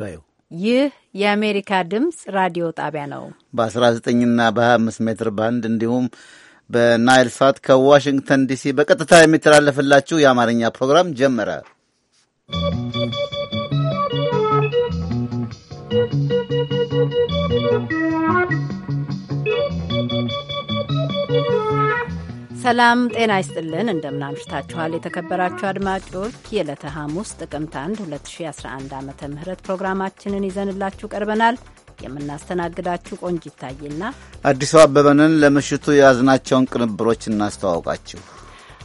ባዩ። ይህ የአሜሪካ ድምፅ ራዲዮ ጣቢያ ነው። በ19ና በ25 ሜትር ባንድ እንዲሁም በናይል ሳት ከዋሽንግተን ዲሲ በቀጥታ የሚተላለፍላችሁ የአማርኛ ፕሮግራም ጀመረ። ሰላም ጤና ይስጥልን። እንደምናምሽታችኋል የተከበራችሁ አድማጮች፣ የዕለተ ሐሙስ ጥቅምት 1 2011 ዓ ም ፕሮግራማችንን ይዘንላችሁ ቀርበናል። የምናስተናግዳችሁ ቆንጅ ይታይና አዲሱ አበበንን። ለምሽቱ የያዝናቸውን ቅንብሮች እናስተዋውቃችሁ።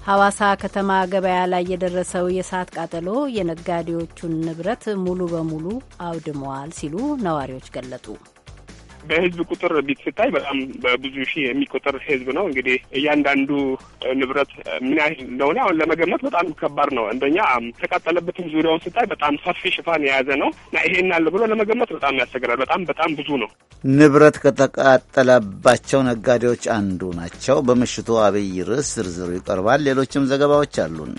ሐዋሳ ከተማ ገበያ ላይ የደረሰው የእሳት ቃጠሎ የነጋዴዎቹን ንብረት ሙሉ በሙሉ አውድመዋል ሲሉ ነዋሪዎች ገለጡ። በህዝብ ቁጥር ቢት ስታይ በጣም በብዙ ሺህ የሚቆጠር ህዝብ ነው። እንግዲህ እያንዳንዱ ንብረት ምን ያህል እንደሆነ አሁን ለመገመት በጣም ከባድ ነው። አንደኛ ተቃጠለበትም ዙሪያውን ስታይ በጣም ሰፊ ሽፋን የያዘ ነው እና ይሄን አለ ብሎ ለመገመት በጣም ያስቸግራል። በጣም በጣም ብዙ ነው። ንብረት ከተቃጠለባቸው ነጋዴዎች አንዱ ናቸው። በምሽቱ አብይ ርዕስ ዝርዝሩ ይቀርባል። ሌሎችም ዘገባዎች አሉን።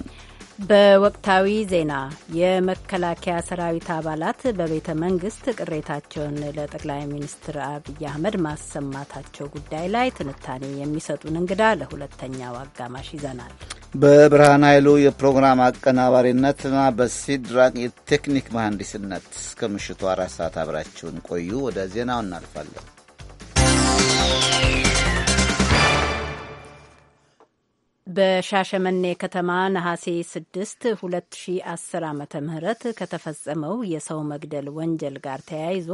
በወቅታዊ ዜና የመከላከያ ሰራዊት አባላት በቤተ መንግስት ቅሬታቸውን ለጠቅላይ ሚኒስትር አብይ አህመድ ማሰማታቸው ጉዳይ ላይ ትንታኔ የሚሰጡን እንግዳ ለሁለተኛው አጋማሽ ይዘናል። በብርሃን ኃይሉ የፕሮግራም አቀናባሪነትና በሲድራቅ የቴክኒክ መሐንዲስነት እስከ ምሽቱ አራት ሰዓት አብራችሁን ቆዩ። ወደ ዜናው እናልፋለን። በሻሸመኔ ከተማ ነሐሴ 6 2010 ዓ ም ከተፈጸመው የሰው መግደል ወንጀል ጋር ተያይዞ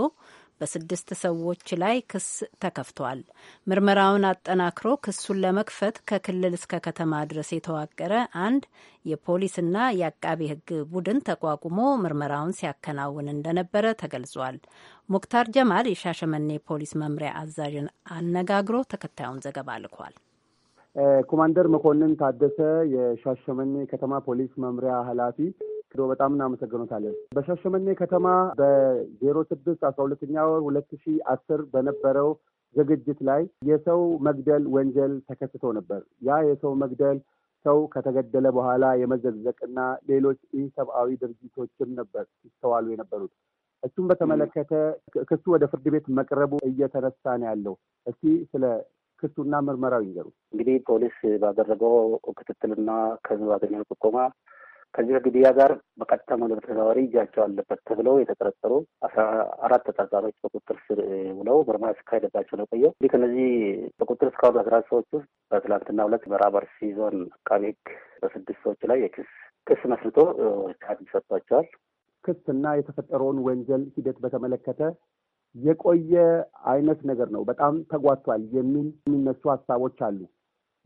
በስድስት ሰዎች ላይ ክስ ተከፍቷል። ምርመራውን አጠናክሮ ክሱን ለመክፈት ከክልል እስከ ከተማ ድረስ የተዋቀረ አንድ የፖሊስና የአቃቤ ሕግ ቡድን ተቋቁሞ ምርመራውን ሲያከናውን እንደነበረ ተገልጿል። ሙክታር ጀማል የሻሸመኔ ፖሊስ መምሪያ አዛዥን አነጋግሮ ተከታዩን ዘገባ ልኳል። ኮማንደር መኮንን ታደሰ የሻሸመኔ ከተማ ፖሊስ መምሪያ ኃላፊ ክዶ በጣም እናመሰግኖታለን። በሻሸመኔ ከተማ በዜሮ ስድስት አስራ ሁለተኛ ወር ሁለት ሺ አስር በነበረው ዝግጅት ላይ የሰው መግደል ወንጀል ተከስቶ ነበር። ያ የሰው መግደል ሰው ከተገደለ በኋላ የመዘቅዘቅና ሌሎች ኢሰብአዊ ድርጊቶችም ነበር ይስተዋሉ የነበሩት። እሱም በተመለከተ ክሱ ወደ ፍርድ ቤት መቅረቡ እየተነሳ ነው ያለው። እስቲ ስለ ክሱና ምርመራው ይንገሩ። እንግዲህ ፖሊስ ባደረገው ክትትልና ከህዝብ ባገኘው ጥቆማ ከዚህ ከግድያ ጋር በቀጥታ ሆነ በተዘዋዋሪ እጃቸው አለበት ተብለው የተጠረጠሩ አስራ አራት ተጠርጣሪዎች በቁጥር ስር ውለው ምርመራ ሲካሄድባቸው ነው ቆየው። እንግዲህ ከነዚህ በቁጥር ስር ካሉ አስራ ሰዎች ውስጥ በትላንትና ሁለት ምዕራብ አርሲ ዞን አቃቤ ህግ በስድስት ሰዎች ላይ የክስ ክስ መስርቶ ቻርጅ ሰጥቷቸዋል። ክስና የተፈጠረውን ወንጀል ሂደት በተመለከተ የቆየ አይነት ነገር ነው። በጣም ተጓቷል የሚል የሚነሱ ሀሳቦች አሉ።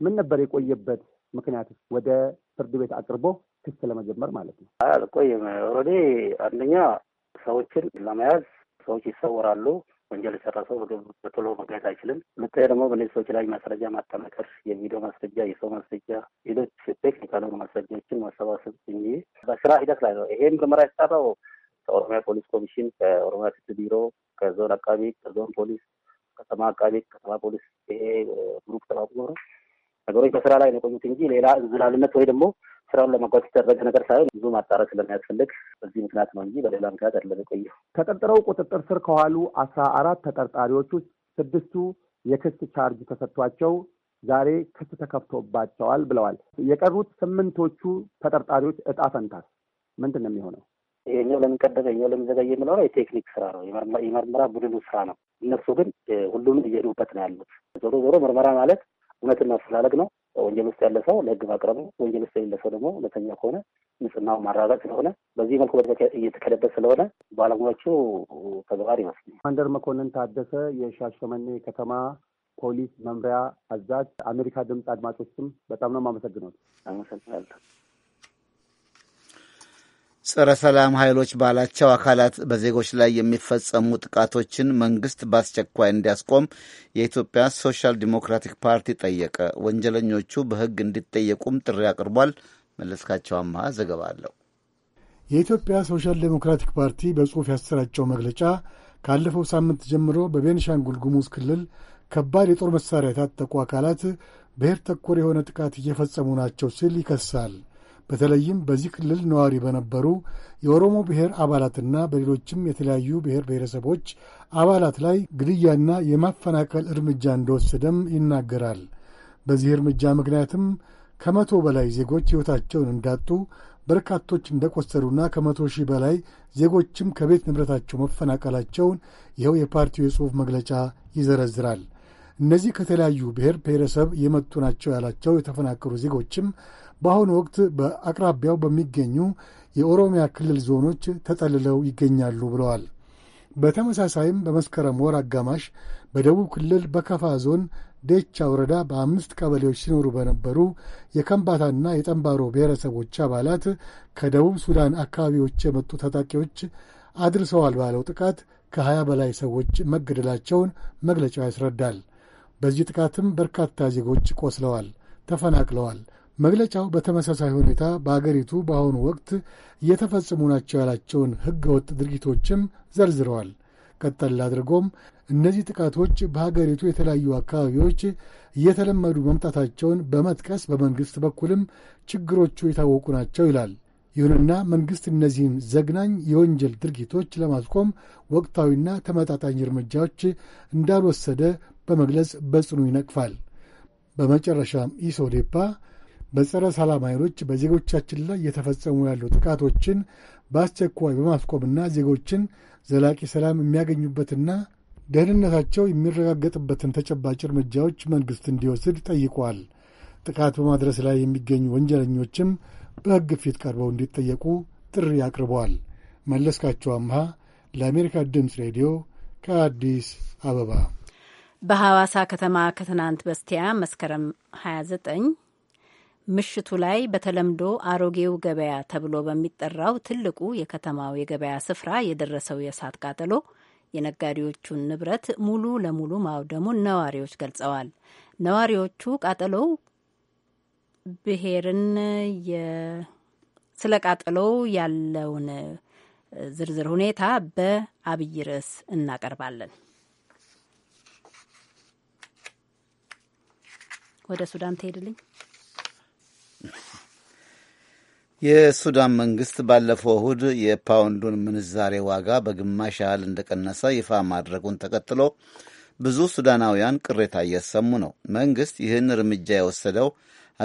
ምን ነበር የቆየበት ምክንያት? ወደ ፍርድ ቤት አቅርቦ ክስ ለመጀመር ማለት ነው። አልቆየም። ኦልሬዲ አንደኛ ሰዎችን ለመያዝ ሰዎች ይሰወራሉ። ወንጀል የሰራ ሰው በቶሎ መገኘት አይችልም። ምታይ ደግሞ በእነዚህ ሰዎች ላይ ማስረጃ ማጠናከር፣ የቪዲዮ ማስረጃ፣ የሰው ማስረጃ፣ ሌሎች ቴክኒካል ማስረጃዎችን ማሰባሰብ እንጂ በስራ ሂደት ላይ ነው። ይሄ ምርመራ የተጣራው ከኦሮሚያ ፖሊስ ኮሚሽን፣ ከኦሮሚያ ፍትህ ቢሮ ከዞን አቃቢ ከዞን ፖሊስ ከተማ አቃቢ ከተማ ፖሊስ ይሄ ግሩፕ ተባብሮ ነው ነገሮች በስራ ላይ ነው የቆዩት እንጂ ሌላ እንዝላልነት ወይ ደግሞ ስራውን ለማጓዝ የተደረገ ነገር ሳይሆን ብዙ ማጣራት ስለሚያስፈልግ በዚህ ምክንያት ነው እንጂ በሌላ ምክንያት አይደለም የቆየው። ተጠርጥረው ቁጥጥር ስር ከዋሉ አስራ አራት ተጠርጣሪዎች ውስጥ ስድስቱ የክስ ቻርጅ ተሰጥቷቸው ዛሬ ክስ ተከፍቶባቸዋል ብለዋል። የቀሩት ስምንቶቹ ተጠርጣሪዎች እጣ ፈንታስ ምንድን ነው የሚሆነው? ይሄኛው ለምን ቀደመ ይሄኛው ለምን ዘገየ የምንሆነው የቴክኒክ ስራ ነው፣ የመርመራ ቡድኑ ስራ ነው። እነሱ ግን ሁሉም እየሄዱበት ነው ያሉት። ዞሮ ዞሮ ምርመራ ማለት እውነትን ማፈላለግ ነው። ወንጀል ውስጥ ያለ ሰው ለህግ ማቅረቡ፣ ወንጀል ውስጥ የሌለ ሰው ደግሞ እውነተኛ ከሆነ ንጽህናውን ማረጋገጥ ስለሆነ በዚህ መልኩ እየተከደበት ስለሆነ ባለሙያዎቹ ተግባር ይመስለኛል። ኮማንደር መኮንን ታደሰ የሻሸመኔ ከተማ ፖሊስ መምሪያ አዛዥ። አሜሪካ ድምፅ አድማጮችም በጣም ነው የማመሰግነው። አመሰግናለሁ። ጸረ ሰላም ኃይሎች ባላቸው አካላት በዜጎች ላይ የሚፈጸሙ ጥቃቶችን መንግስት በአስቸኳይ እንዲያስቆም የኢትዮጵያ ሶሻል ዲሞክራቲክ ፓርቲ ጠየቀ። ወንጀለኞቹ በሕግ እንዲጠየቁም ጥሪ አቅርቧል። መለስካቸው አምሃ ዘገባ አለው። የኢትዮጵያ ሶሻል ዴሞክራቲክ ፓርቲ በጽሑፍ ያሰራጨው መግለጫ ካለፈው ሳምንት ጀምሮ በቤንሻንጉል ጉሙዝ ክልል ከባድ የጦር መሳሪያ የታጠቁ አካላት ብሔር ተኮር የሆነ ጥቃት እየፈጸሙ ናቸው ሲል ይከሳል። በተለይም በዚህ ክልል ነዋሪ በነበሩ የኦሮሞ ብሔር አባላትና በሌሎችም የተለያዩ ብሔር ብሔረሰቦች አባላት ላይ ግድያና የማፈናቀል እርምጃ እንደወሰደም ይናገራል። በዚህ እርምጃ ምክንያትም ከመቶ በላይ ዜጎች ሕይወታቸውን እንዳጡ በርካቶች እንደቆሰሩና ከመቶ ሺህ በላይ ዜጎችም ከቤት ንብረታቸው መፈናቀላቸውን ይኸው የፓርቲው የጽሑፍ መግለጫ ይዘረዝራል። እነዚህ ከተለያዩ ብሔር ብሔረሰብ የመጡ ናቸው ያላቸው የተፈናቀሉ ዜጎችም በአሁኑ ወቅት በአቅራቢያው በሚገኙ የኦሮሚያ ክልል ዞኖች ተጠልለው ይገኛሉ ብለዋል። በተመሳሳይም በመስከረም ወር አጋማሽ በደቡብ ክልል በከፋ ዞን ደቻ ወረዳ በአምስት ቀበሌዎች ሲኖሩ በነበሩ የከምባታና የጠንባሮ ብሔረሰቦች አባላት ከደቡብ ሱዳን አካባቢዎች የመጡ ታጣቂዎች አድርሰዋል ባለው ጥቃት ከሀያ በላይ ሰዎች መገደላቸውን መግለጫው ያስረዳል። በዚህ ጥቃትም በርካታ ዜጎች ቆስለዋል፣ ተፈናቅለዋል፣ መግለጫው በተመሳሳይ ሁኔታ በአገሪቱ በአሁኑ ወቅት እየተፈጸሙ ናቸው ያላቸውን ሕገወጥ ድርጊቶችም ዘርዝረዋል። ቀጠል አድርጎም እነዚህ ጥቃቶች በሀገሪቱ የተለያዩ አካባቢዎች እየተለመዱ መምጣታቸውን በመጥቀስ በመንግሥት በኩልም ችግሮቹ የታወቁ ናቸው ይላል። ይሁንና መንግሥት እነዚህን ዘግናኝ የወንጀል ድርጊቶች ለማስቆም ወቅታዊና ተመጣጣኝ እርምጃዎች እንዳልወሰደ በመግለጽ በጽኑ ይነቅፋል። በመጨረሻም ኢሶዴፓ በጸረ ሰላም ኃይሎች በዜጎቻችን ላይ እየተፈጸሙ ያሉ ጥቃቶችን በአስቸኳይ በማስቆምና ዜጎችን ዘላቂ ሰላም የሚያገኙበትና ደህንነታቸው የሚረጋገጥበትን ተጨባጭ እርምጃዎች መንግሥት እንዲወስድ ጠይቋል። ጥቃት በማድረስ ላይ የሚገኙ ወንጀለኞችም በሕግ ፊት ቀርበው እንዲጠየቁ ጥሪ አቅርበዋል። መለስካቸው አምሃ ለአሜሪካ ድምፅ ሬዲዮ ከአዲስ አበባ በሐዋሳ ከተማ ከትናንት በስቲያ መስከረም 29 ምሽቱ ላይ በተለምዶ አሮጌው ገበያ ተብሎ በሚጠራው ትልቁ የከተማው የገበያ ስፍራ የደረሰው የእሳት ቃጠሎ የነጋዴዎቹን ንብረት ሙሉ ለሙሉ ማውደሙን ነዋሪዎች ገልጸዋል። ነዋሪዎቹ ቃጠሎው ብሔርን ስለ ቃጠሎው ያለውን ዝርዝር ሁኔታ በአብይ ርዕስ እናቀርባለን። ወደ ሱዳን ትሄድልኝ የሱዳን መንግስት ባለፈው እሁድ የፓውንዱን ምንዛሬ ዋጋ በግማሽ ያህል እንደቀነሰ ይፋ ማድረጉን ተከትሎ ብዙ ሱዳናውያን ቅሬታ እያሰሙ ነው። መንግስት ይህን እርምጃ የወሰደው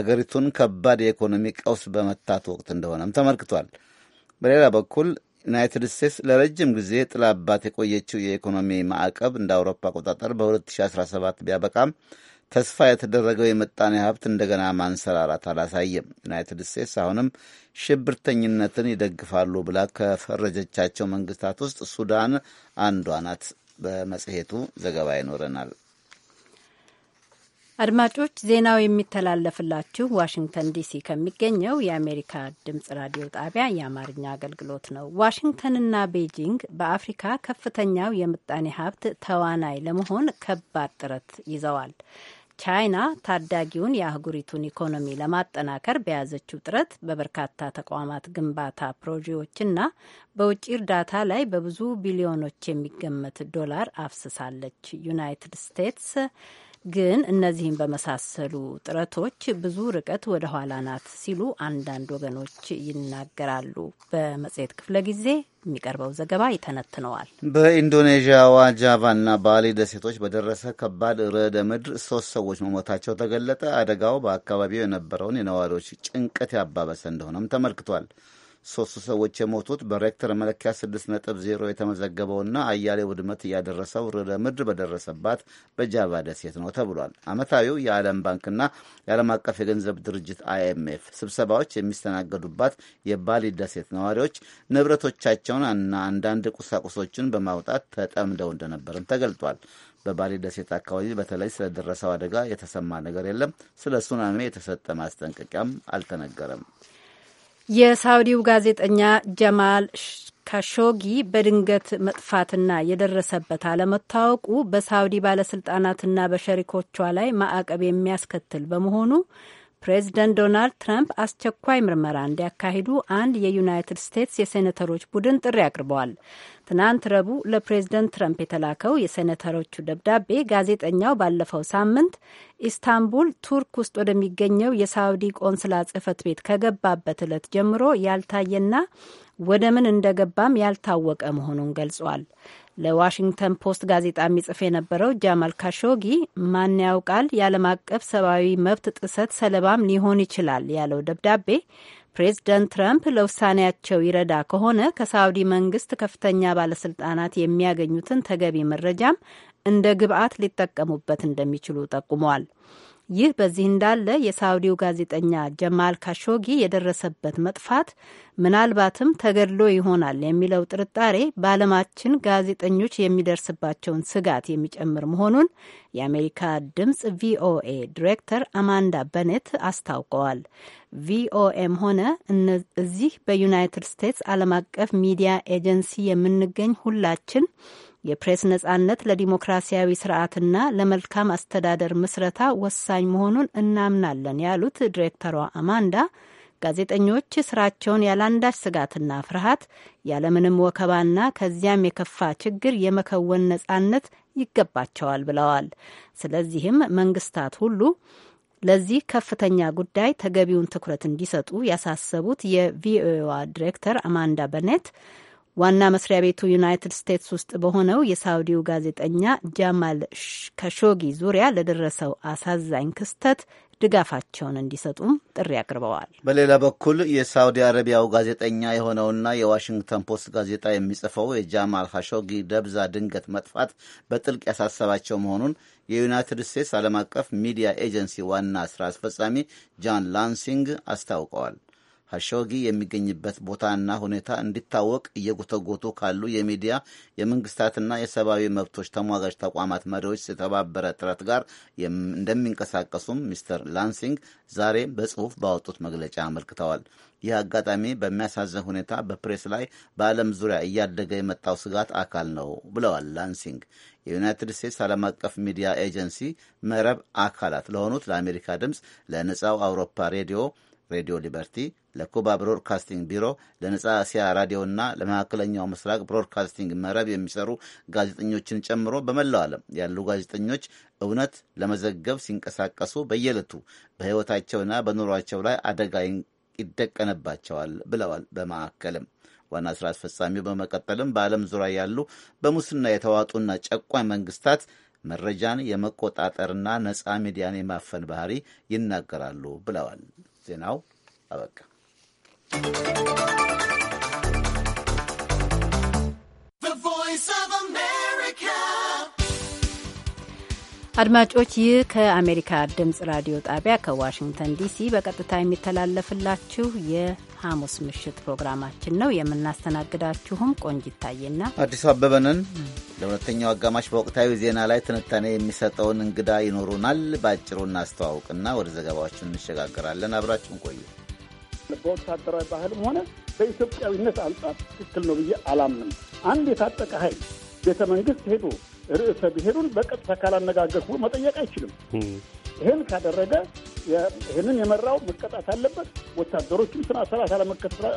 አገሪቱን ከባድ የኢኮኖሚ ቀውስ በመታት ወቅት እንደሆነም ተመልክቷል። በሌላ በኩል ዩናይትድ ስቴትስ ለረጅም ጊዜ ጥላባት የቆየችው የኢኮኖሚ ማዕቀብ እንደ አውሮፓ አቆጣጠር በ2017 ቢያበቃም ተስፋ የተደረገው የምጣኔ ሀብት እንደገና ማንሰራራት አላሳየም። ዩናይትድ ስቴትስ አሁንም ሽብርተኝነትን ይደግፋሉ ብላ ከፈረጀቻቸው መንግስታት ውስጥ ሱዳን አንዷ ናት። በመጽሔቱ ዘገባ ይኖረናል። አድማጮች፣ ዜናው የሚተላለፍላችሁ ዋሽንግተን ዲሲ ከሚገኘው የአሜሪካ ድምጽ ራዲዮ ጣቢያ የአማርኛ አገልግሎት ነው። ዋሽንግተንና ቤጂንግ በአፍሪካ ከፍተኛው የምጣኔ ሀብት ተዋናይ ለመሆን ከባድ ጥረት ይዘዋል። ቻይና ታዳጊውን የአህጉሪቱን ኢኮኖሚ ለማጠናከር በያዘችው ጥረት በበርካታ ተቋማት ግንባታ ፕሮጀክቶችና በውጭ እርዳታ ላይ በብዙ ቢሊዮኖች የሚገመት ዶላር አፍስሳለች። ዩናይትድ ስቴትስ ግን እነዚህን በመሳሰሉ ጥረቶች ብዙ ርቀት ወደ ኋላ ናት ሲሉ አንዳንድ ወገኖች ይናገራሉ። በመጽሔት ክፍለ ጊዜ የሚቀርበው ዘገባ ይተነትነዋል። በኢንዶኔዥያዋ ጃቫና ባሊ ደሴቶች በደረሰ ከባድ ርዕደ ምድር ሶስት ሰዎች መሞታቸው ተገለጠ። አደጋው በአካባቢው የነበረውን የነዋሪዎች ጭንቀት ያባበሰ እንደሆነም ተመልክቷል። ሶስቱ ሰዎች የሞቱት በሬክተር መለኪያ 6.0 የተመዘገበውና አያሌ ውድመት እያደረሰው ርዕደ ምድር በደረሰባት በጃቫ ደሴት ነው ተብሏል። ዓመታዊው የዓለም ባንክና የዓለም አቀፍ የገንዘብ ድርጅት አይኤምኤፍ ስብሰባዎች የሚስተናገዱባት የባሊ ደሴት ነዋሪዎች ንብረቶቻቸውን እና አንዳንድ ቁሳቁሶችን በማውጣት ተጠምደው እንደነበርም ተገልጧል። በባሌ ደሴት አካባቢ በተለይ ስለደረሰው አደጋ የተሰማ ነገር የለም። ስለ ሱናሚ የተሰጠ ማስጠንቀቂያም አልተነገረም። የሳውዲው ጋዜጠኛ ጀማል ካሾጊ በድንገት መጥፋትና የደረሰበት አለመታወቁ በሳውዲ ባለስልጣናትና በሸሪኮቿ ላይ ማዕቀብ የሚያስከትል በመሆኑ ፕሬዚደንት ዶናልድ ትራምፕ አስቸኳይ ምርመራ እንዲያካሂዱ አንድ የዩናይትድ ስቴትስ የሴኔተሮች ቡድን ጥሪ አቅርበዋል። ትናንት ረቡዕ ለፕሬዝደንት ትራምፕ የተላከው የሴኔተሮቹ ደብዳቤ ጋዜጠኛው ባለፈው ሳምንት ኢስታንቡል ቱርክ ውስጥ ወደሚገኘው የሳውዲ ቆንስላ ጽህፈት ቤት ከገባበት ዕለት ጀምሮ ያልታየና ወደ ምን እንደገባም ያልታወቀ መሆኑን ገልጿል። ለዋሽንግተን ፖስት ጋዜጣ የሚጽፍ የነበረው ጃማል ካሾጊ ማን ያውቃል የዓለም አቀፍ ሰብአዊ መብት ጥሰት ሰለባም ሊሆን ይችላል ያለው ደብዳቤ ፕሬዚደንት ትራምፕ ለውሳኔያቸው ይረዳ ከሆነ ከሳውዲ መንግስት ከፍተኛ ባለስልጣናት የሚያገኙትን ተገቢ መረጃም እንደ ግብአት ሊጠቀሙበት እንደሚችሉ ጠቁመዋል። ይህ በዚህ እንዳለ የሳውዲው ጋዜጠኛ ጀማል ካሾጊ የደረሰበት መጥፋት ምናልባትም ተገድሎ ይሆናል የሚለው ጥርጣሬ በዓለማችን ጋዜጠኞች የሚደርስባቸውን ስጋት የሚጨምር መሆኑን የአሜሪካ ድምፅ ቪኦኤ ዲሬክተር አማንዳ በኔት አስታውቀዋል። ቪኦኤም ሆነ እዚህ በዩናይትድ ስቴትስ ዓለም አቀፍ ሚዲያ ኤጀንሲ የምንገኝ ሁላችን የፕሬስ ነጻነት ለዲሞክራሲያዊ ስርዓትና ለመልካም አስተዳደር ምስረታ ወሳኝ መሆኑን እናምናለን ያሉት ዲሬክተሯ አማንዳ ጋዜጠኞች ስራቸውን ያለአንዳች ስጋትና ፍርሃት ያለምንም ወከባና ከዚያም የከፋ ችግር የመከወን ነጻነት ይገባቸዋል ብለዋል። ስለዚህም መንግስታት ሁሉ ለዚህ ከፍተኛ ጉዳይ ተገቢውን ትኩረት እንዲሰጡ ያሳሰቡት የቪኦኤዋ ዲሬክተር አማንዳ በኔት ዋና መስሪያ ቤቱ ዩናይትድ ስቴትስ ውስጥ በሆነው የሳውዲው ጋዜጠኛ ጃማል ከሾጊ ዙሪያ ለደረሰው አሳዛኝ ክስተት ድጋፋቸውን እንዲሰጡም ጥሪ አቅርበዋል። በሌላ በኩል የሳውዲ አረቢያው ጋዜጠኛ የሆነውና የዋሽንግተን ፖስት ጋዜጣ የሚጽፈው የጃማል ሀሾጊ ደብዛ ድንገት መጥፋት በጥልቅ ያሳሰባቸው መሆኑን የዩናይትድ ስቴትስ ዓለም አቀፍ ሚዲያ ኤጀንሲ ዋና ስራ አስፈጻሚ ጃን ላንሲንግ አስታውቀዋል። ሀሾጊ የሚገኝበት ቦታና ሁኔታ እንዲታወቅ እየጎተጎቱ ካሉ የሚዲያ የመንግስታትና የሰብአዊ መብቶች ተሟጋጅ ተቋማት መሪዎች የተባበረ ጥረት ጋር እንደሚንቀሳቀሱም ሚስተር ላንሲንግ ዛሬ በጽሁፍ ባወጡት መግለጫ አመልክተዋል። ይህ አጋጣሚ በሚያሳዝን ሁኔታ በፕሬስ ላይ በዓለም ዙሪያ እያደገ የመጣው ስጋት አካል ነው ብለዋል ላንሲንግ። የዩናይትድ ስቴትስ ዓለም አቀፍ ሚዲያ ኤጀንሲ መረብ አካላት ለሆኑት ለአሜሪካ ድምፅ፣ ለነፃው አውሮፓ ሬዲዮ ሬዲዮ ሊበርቲ፣ ለኩባ ብሮድካስቲንግ ቢሮ፣ ለነጻ እስያ ና ለመካከለኛው ምስራቅ ብሮድካስቲንግ መረብ የሚሰሩ ጋዜጠኞችን ጨምሮ በመላው ዓለም ያሉ ጋዜጠኞች እውነት ለመዘገብ ሲንቀሳቀሱ በየዕለቱ በሕይወታቸውና በኑሯቸው ላይ አደጋ ይደቀንባቸዋል ብለዋል። በማዕከልም ዋና ስራ አስፈጻሚው በመቀጠልም በዓለም ዙሪያ ያሉ በሙስና የተዋጡና ጨቋኝ መንግስታት መረጃን የመቆጣጠርና ነፃ ሚዲያን የማፈን ባህሪ ይናገራሉ ብለዋል። ዜናው አበቃ። አድማጮች ይህ ከአሜሪካ ድምፅ ራዲዮ ጣቢያ ከዋሽንግተን ዲሲ በቀጥታ የሚተላለፍላችሁ የ ሐሙስ ምሽት ፕሮግራማችን ነው። የምናስተናግዳችሁም ቆንጂት ታዬና አዲሱ አበበንን። ለሁለተኛው አጋማሽ በወቅታዊ ዜና ላይ ትንታኔ የሚሰጠውን እንግዳ ይኖሩናል። በአጭሩ እናስተዋውቅና ወደ ዘገባዎቹ እንሸጋግራለን። አብራችሁን ቆዩ። በወታደራዊ ባህልም ሆነ በኢትዮጵያዊነት አንጻር ትክክል ነው ብዬ አላምንም። አንድ የታጠቀ ኃይል ቤተ መንግስት ሄዶ ርዕሰ ብሔሩን በቀጥታ ካላነጋገርኩ መጠየቅ አይችልም። ይህን ካደረገ ይህንን የመራው መቀጣት አለበት። ወታደሮችም ስነ ስርዓት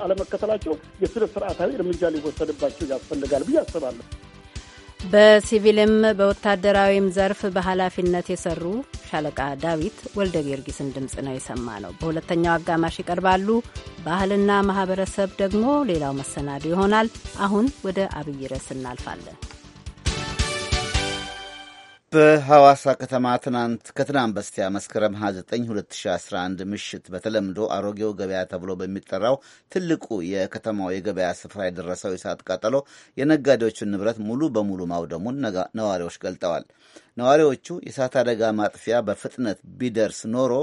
አለመከተላቸው የስር ስርዓታዊ እርምጃ ሊወሰድባቸው ያስፈልጋል ብዬ አስባለሁ። በሲቪልም በወታደራዊም ዘርፍ በኃላፊነት የሰሩ ሻለቃ ዳዊት ወልደ ጊዮርጊስን ድምፅ ነው የሰማ ነው። በሁለተኛው አጋማሽ ይቀርባሉ። ባህልና ማህበረሰብ ደግሞ ሌላው መሰናዶ ይሆናል። አሁን ወደ አብይ ርዕስ እናልፋለን። በሐዋሳ ከተማ ትናንት ከትናንት በስቲያ መስከረም 29 2011 ምሽት በተለምዶ አሮጌው ገበያ ተብሎ በሚጠራው ትልቁ የከተማው የገበያ ስፍራ የደረሰው የእሳት ቃጠሎ የነጋዴዎቹን ንብረት ሙሉ በሙሉ ማውደሙን ነዋሪዎች ገልጠዋል። ነዋሪዎቹ የእሳት አደጋ ማጥፊያ በፍጥነት ቢደርስ ኖሮ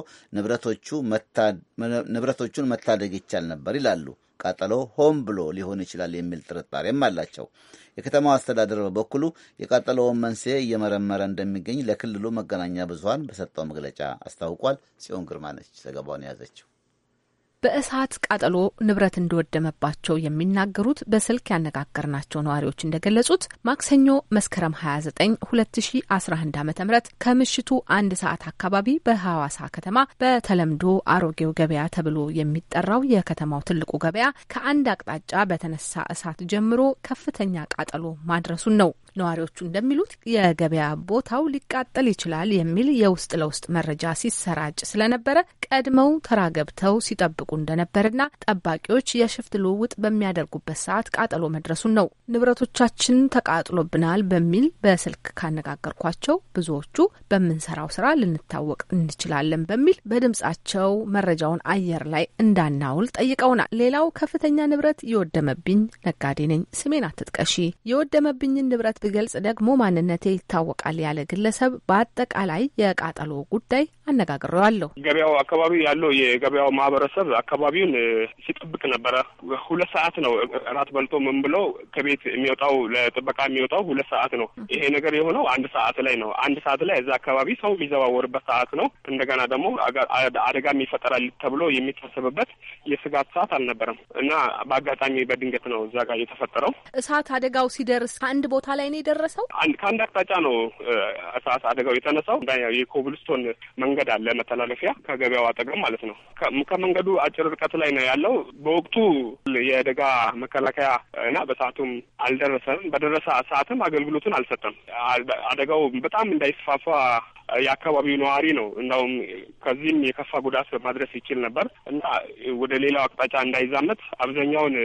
ንብረቶቹን መታደግ ይቻል ነበር ይላሉ። ቃጠሎ ሆን ብሎ ሊሆን ይችላል የሚል ጥርጣሬም አላቸው። የከተማው አስተዳደር በበኩሉ የቃጠለውን መንስኤ እየመረመረ እንደሚገኝ ለክልሉ መገናኛ ብዙኃን በሰጠው መግለጫ አስታውቋል። ጽዮን ግርማ ነች ዘገባውን የያዘችው። በእሳት ቃጠሎ ንብረት እንደወደመባቸው የሚናገሩት በስልክ ያነጋገርናቸው ነዋሪዎች እንደገለጹት ማክሰኞ መስከረም 29 2011 ዓ ም ከምሽቱ አንድ ሰዓት አካባቢ በሐዋሳ ከተማ በተለምዶ አሮጌው ገበያ ተብሎ የሚጠራው የከተማው ትልቁ ገበያ ከአንድ አቅጣጫ በተነሳ እሳት ጀምሮ ከፍተኛ ቃጠሎ ማድረሱን ነው ነዋሪዎቹ እንደሚሉት የገበያ ቦታው ሊቃጠል ይችላል የሚል የውስጥ ለውስጥ መረጃ ሲሰራጭ ስለነበረ ቀድመው ተራ ገብተው ሲጠብቁ እንደነበርና ጠባቂዎች የሽፍት ልውውጥ በሚያደርጉበት ሰዓት ቃጠሎ መድረሱን ነው። ንብረቶቻችን ተቃጥሎብናል በሚል በስልክ ካነጋገርኳቸው ብዙዎቹ በምንሰራው ስራ ልንታወቅ እንችላለን በሚል በድምጻቸው መረጃውን አየር ላይ እንዳናውል ጠይቀውናል። ሌላው ከፍተኛ ንብረት የወደመብኝ ነጋዴ ነኝ፣ ስሜን አትጥቀሺ፣ የወደመብኝን ንብረት ብገልጽ ደግሞ ማንነቴ ይታወቃል ያለ ግለሰብ በአጠቃላይ የቃጠሎ ጉዳይ አነጋግረዋለሁ። ገበያው አካባቢ ያለው የገበያው ማህበረሰብ አካባቢውን ሲጠብቅ ነበረ። ሁለት ሰዓት ነው እራት በልቶ ምን ብሎ ከቤት የሚወጣው ለጥበቃ የሚወጣው ሁለት ሰዓት ነው። ይሄ ነገር የሆነው አንድ ሰዓት ላይ ነው። አንድ ሰዓት ላይ እዛ አካባቢ ሰው የሚዘዋወርበት ሰዓት ነው። እንደገና ደግሞ አደጋም ይፈጠራል ተብሎ የሚታሰብበት የስጋት ሰዓት አልነበረም እና በአጋጣሚ በድንገት ነው እዛ ጋር የተፈጠረው እሳት። አደጋው ሲደርስ አንድ ቦታ ላይ ላይ ነው የደረሰው? ከአንድ አቅጣጫ ነው እሳት አደጋው የተነሳው። የኮብልስቶን መንገድ አለ መተላለፊያ ከገበያው አጠገብ ማለት ነው። ከመንገዱ አጭር ርቀት ላይ ነው ያለው። በወቅቱ የአደጋ መከላከያ እና በሰዓቱም አልደረሰም። በደረሰ ሰዓትም አገልግሎቱን አልሰጠም። አደጋው በጣም እንዳይስፋፋ የአካባቢው ነዋሪ ነው። እንዳውም ከዚህም የከፋ ጉዳት ማድረስ ይችል ነበር እና ወደ ሌላው አቅጣጫ እንዳይዛመት አብዛኛውን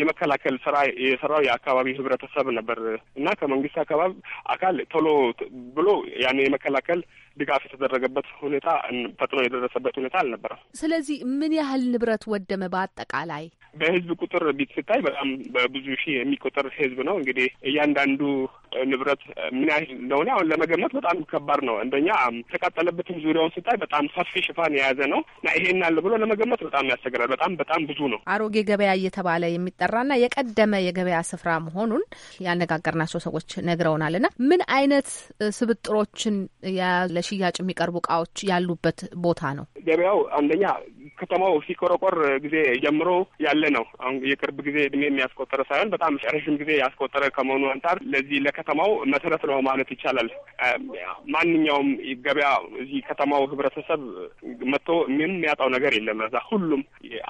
የመከላከል ስራ የሰራው የአካባቢ ህብረተሰብ ነበር እና ከመንግስት አካባቢ አካል ቶሎ ብሎ ያን የመከላከል ድጋፍ የተደረገበት ሁኔታ ፈጥኖ የደረሰበት ሁኔታ አልነበረም። ስለዚህ ምን ያህል ንብረት ወደመ? በአጠቃላይ በህዝብ ቁጥር ቢት ስታይ በጣም በብዙ ሺህ የሚቆጠር ህዝብ ነው። እንግዲህ እያንዳንዱ ንብረት ምን ያህል እንደሆነ አሁን ለመገመት በጣም ከባድ ነው። አንደኛ የተቃጠለበትም ዙሪያውን ስታይ በጣም ሰፊ ሽፋን የያዘ ነው እና ይሄን አለ ብሎ ለመገመት በጣም ያስቸግራል። በጣም በጣም ብዙ ነው። አሮጌ ገበያ እየተባለ የሚጠራና የቀደመ የገበያ ስፍራ መሆኑን ያነጋገርናቸው ሰዎች ነግረውናል። እና ምን አይነት ስብጥሮችን ለሽያጭ የሚቀርቡ እቃዎች ያሉበት ቦታ ነው ገበያው? አንደኛ ከተማው ሲቆረቆር ጊዜ ጀምሮ ያለ ነው። አሁን የቅርብ ጊዜ እድሜ የሚያስቆጠረ ሳይሆን በጣም ረዥም ጊዜ ያስቆጠረ ከመሆኑ አንጻር ለዚህ ለከ ከተማው መሰረት ነው ማለት ይቻላል። ማንኛውም ገበያ እዚህ ከተማው ህብረተሰብ መጥቶ የሚያጣው ነገር የለም። እዛ ሁሉም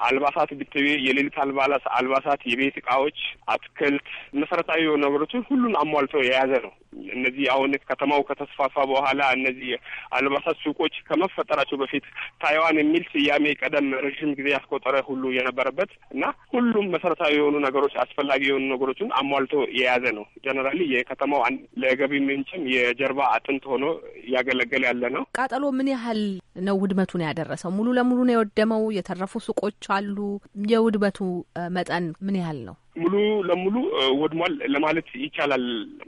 አልባሳት ብትቤ የሌሊት አልባላስ አልባሳት፣ የቤት እቃዎች፣ አትክልት፣ መሰረታዊ ነገሮችን ሁሉን አሟልቶ የያዘ ነው። እነዚህ አሁን ከተማው ከተስፋፋ በኋላ እነዚህ አልባሳት ሱቆች ከመፈጠራቸው በፊት ታይዋን የሚል ስያሜ ቀደም ረዥም ጊዜ ያስቆጠረ ሁሉ የነበረበት እና ሁሉም መሰረታዊ የሆኑ ነገሮች አስፈላጊ የሆኑ ነገሮችን አሟልቶ የያዘ ነው ጀነራሊ ከተማው ለገቢ ምንጭም የጀርባ አጥንት ሆኖ እያገለገለ ያለ ነው። ቃጠሎ ምን ያህል ነው ውድመቱን ያደረሰው? ሙሉ ለሙሉ ነው የወደመው? የተረፉ ሱቆች አሉ? የውድመቱ መጠን ምን ያህል ነው? ሙሉ ለሙሉ ወድሟል ለማለት ይቻላል።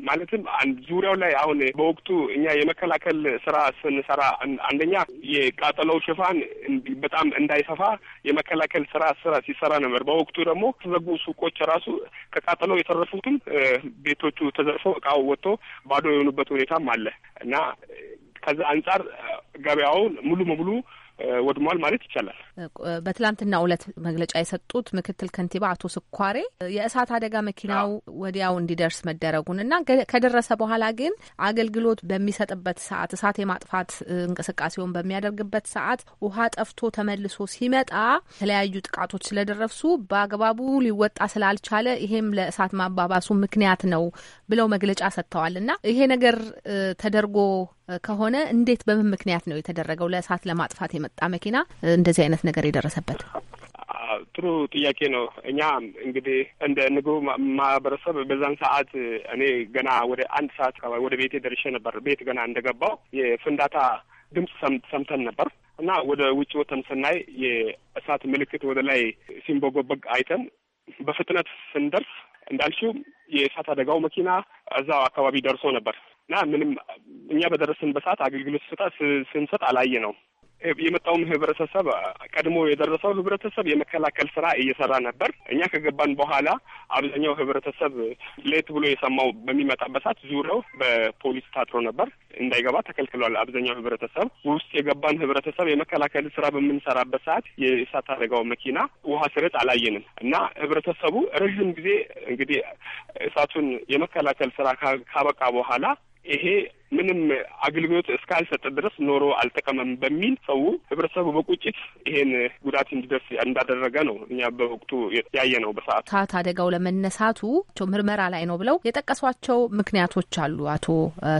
ማለትም ዙሪያው ላይ አሁን በወቅቱ እኛ የመከላከል ስራ ስንሰራ አንደኛ የቃጠለው ሽፋን በጣም እንዳይሰፋ የመከላከል ስራ ስራ ሲሰራ ነበር። በወቅቱ ደግሞ ተዘጉ ሱቆች ራሱ ከቃጠለው የተረፉትም ቤቶቹ ተዘርፈው እቃው ወጥቶ ባዶ የሆኑበት ሁኔታም አለ እና ከዛ አንጻር ገበያውን ሙሉ በሙሉ ወድሟል ማለት ይቻላል። በትላንትና ዕለት መግለጫ የሰጡት ምክትል ከንቲባ አቶ ስኳሬ የእሳት አደጋ መኪናው ወዲያው እንዲደርስ መደረጉን እና ከደረሰ በኋላ ግን አገልግሎት በሚሰጥበት ሰዓት እሳት የማጥፋት እንቅስቃሴውን በሚያደርግበት ሰዓት ውሃ ጠፍቶ ተመልሶ ሲመጣ የተለያዩ ጥቃቶች ስለደረሱ በአግባቡ ሊወጣ ስላልቻለ ይሄም ለእሳት ማባባሱ ምክንያት ነው ብለው መግለጫ ሰጥተዋል እና ይሄ ነገር ተደርጎ ከሆነ እንዴት በምን ምክንያት ነው የተደረገው? ለእሳት ለማጥፋት የመጣ መኪና እንደዚህ አይነት ነገር የደረሰበት? ጥሩ ጥያቄ ነው። እኛ እንግዲህ እንደ ንግሩ ማህበረሰብ በዛን ሰዓት እኔ ገና ወደ አንድ ሰዓት ወደ ቤቴ ደርሼ ነበር። ቤት ገና እንደገባው የፍንዳታ ድምፅ ሰምተን ነበር እና ወደ ውጭ ወተን ስናይ የእሳት ምልክት ወደ ላይ ሲንቦጎበግ አይተን በፍጥነት ስንደርስ እንዳልሽው የእሳት አደጋው መኪና እዛው አካባቢ ደርሶ ነበር እና ምንም እኛ በደረስን በሰዓት አገልግሎት ስጣ ስንሰጥ አላየ ነው የመጣውም ህብረተሰብ ቀድሞ የደረሰው ህብረተሰብ የመከላከል ስራ እየሰራ ነበር። እኛ ከገባን በኋላ አብዛኛው ህብረተሰብ ሌት ብሎ የሰማው በሚመጣበት ሰዓት ዙሪያው በፖሊስ ታጥሮ ነበር፣ እንዳይገባ ተከልክሏል። አብዛኛው ህብረተሰብ ውስጥ የገባን ህብረተሰብ የመከላከል ስራ በምንሰራበት ሰዓት የእሳት አደጋው መኪና ውሃ ስረጭ አላየንም እና ህብረተሰቡ ረዥም ጊዜ እንግዲህ እሳቱን የመከላከል ስራ ካበቃ በኋላ errei ምንም አገልግሎት እስካልሰጠ ድረስ ኖሮ አልጠቀመም በሚል ሰው ህብረተሰቡ በቁጭት ይሄን ጉዳት እንዲደርስ እንዳደረገ ነው እኛ በወቅቱ ያየ ነው። በሰዓቱ እሳት አደጋው ለመነሳቱ ምርመራ ላይ ነው ብለው የጠቀሷቸው ምክንያቶች አሉ። አቶ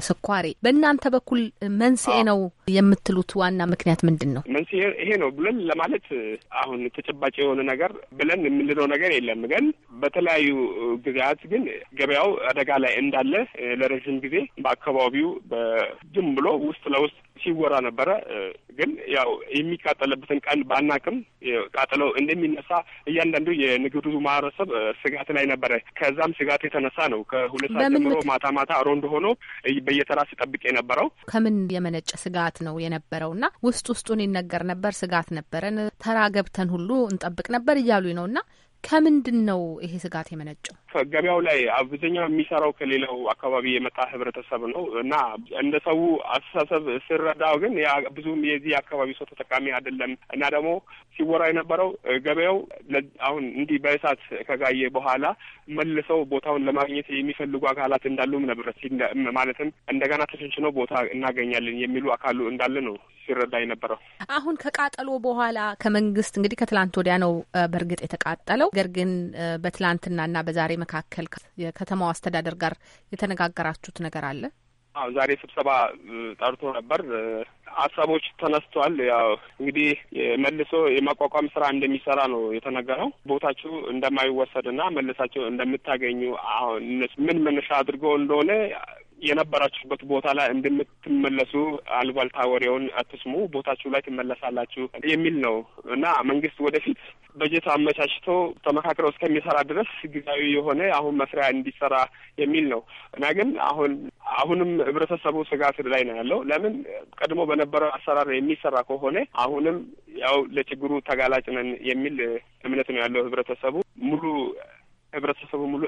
ስኳሬ በእናንተ በኩል መንስኤ ነው የምትሉት ዋና ምክንያት ምንድን ነው? መንስኤ ይሄ ነው ብለን ለማለት አሁን ተጨባጭ የሆነ ነገር ብለን የምንለው ነገር የለም። ግን በተለያዩ ጊዜያት ግን ገበያው አደጋ ላይ እንዳለ ለረዥም ጊዜ በአካባቢው በጅም ብሎ ውስጥ ለውስጥ ሲወራ ነበረ። ግን ያው የሚቃጠልበትን ቀን ባናቅም ቃጥለው እንደሚነሳ እያንዳንዱ የንግዱ ማህበረሰብ ስጋት ላይ ነበረ። ከዛም ስጋት የተነሳ ነው ከሁለት ሰዓት ጀምሮ ማታ ማታ ሮንድ ሆኖ በየተራ ሲጠብቅ የነበረው። ከምን የመነጨ ስጋት ነው የነበረው? እና ውስጥ ውስጡን ይነገር ነበር፣ ስጋት ነበረን፣ ተራ ገብተን ሁሉ እንጠብቅ ነበር እያሉኝ ነው። እና ከምንድን ነው ይሄ ስጋት የመነጨው? ከገበያው ላይ አብዛኛው የሚሰራው ከሌላው አካባቢ የመጣ ህብረተሰብ ነው እና እንደ ሰው አስተሳሰብ ስረዳው ግን ብዙም የዚህ አካባቢ ሰው ተጠቃሚ አይደለም እና ደግሞ ሲወራ የነበረው ገበያው አሁን እንዲህ በእሳት ከጋየ በኋላ መልሰው ቦታውን ለማግኘት የሚፈልጉ አካላት እንዳሉም ነበረ። ማለትም እንደገና ተሸንሽነው ቦታ እናገኛለን የሚሉ አካሉ እንዳለ ነው ሲረዳ የነበረው። አሁን ከቃጠሎ በኋላ ከመንግስት እንግዲህ ከትላንት ወዲያ ነው በእርግጥ የተቃጠለው ነገር ግን በትላንትናና በዛሬ መካከል የከተማው አስተዳደር ጋር የተነጋገራችሁት ነገር አለ? አዎ ዛሬ ስብሰባ ጠርቶ ነበር። ሀሳቦች ተነስተዋል። ያው እንግዲህ መልሶ የማቋቋም ስራ እንደሚሰራ ነው የተነገረው። ቦታችሁ እንደማይወሰድና መልሳቸው እንደምታገኙ አሁን ምን መነሻ አድርገው እንደሆነ የነበራችሁበት ቦታ ላይ እንደምትመለሱ አልባልታ ወሬውን አትስሙ፣ ቦታችሁ ላይ ትመለሳላችሁ የሚል ነው እና መንግስት ወደፊት በጀት አመቻችቶ ተመካክረው እስከሚሰራ ድረስ ጊዜያዊ የሆነ አሁን መስሪያ እንዲሰራ የሚል ነው እና ግን አሁን አሁንም ህብረተሰቡ ስጋት ላይ ነው ያለው። ለምን ቀድሞ በነበረው አሰራር የሚሰራ ከሆነ አሁንም ያው ለችግሩ ተጋላጭ ነን የሚል እምነት ነው ያለው ህብረተሰቡ ሙሉ ህብረተሰቡ ሙሉ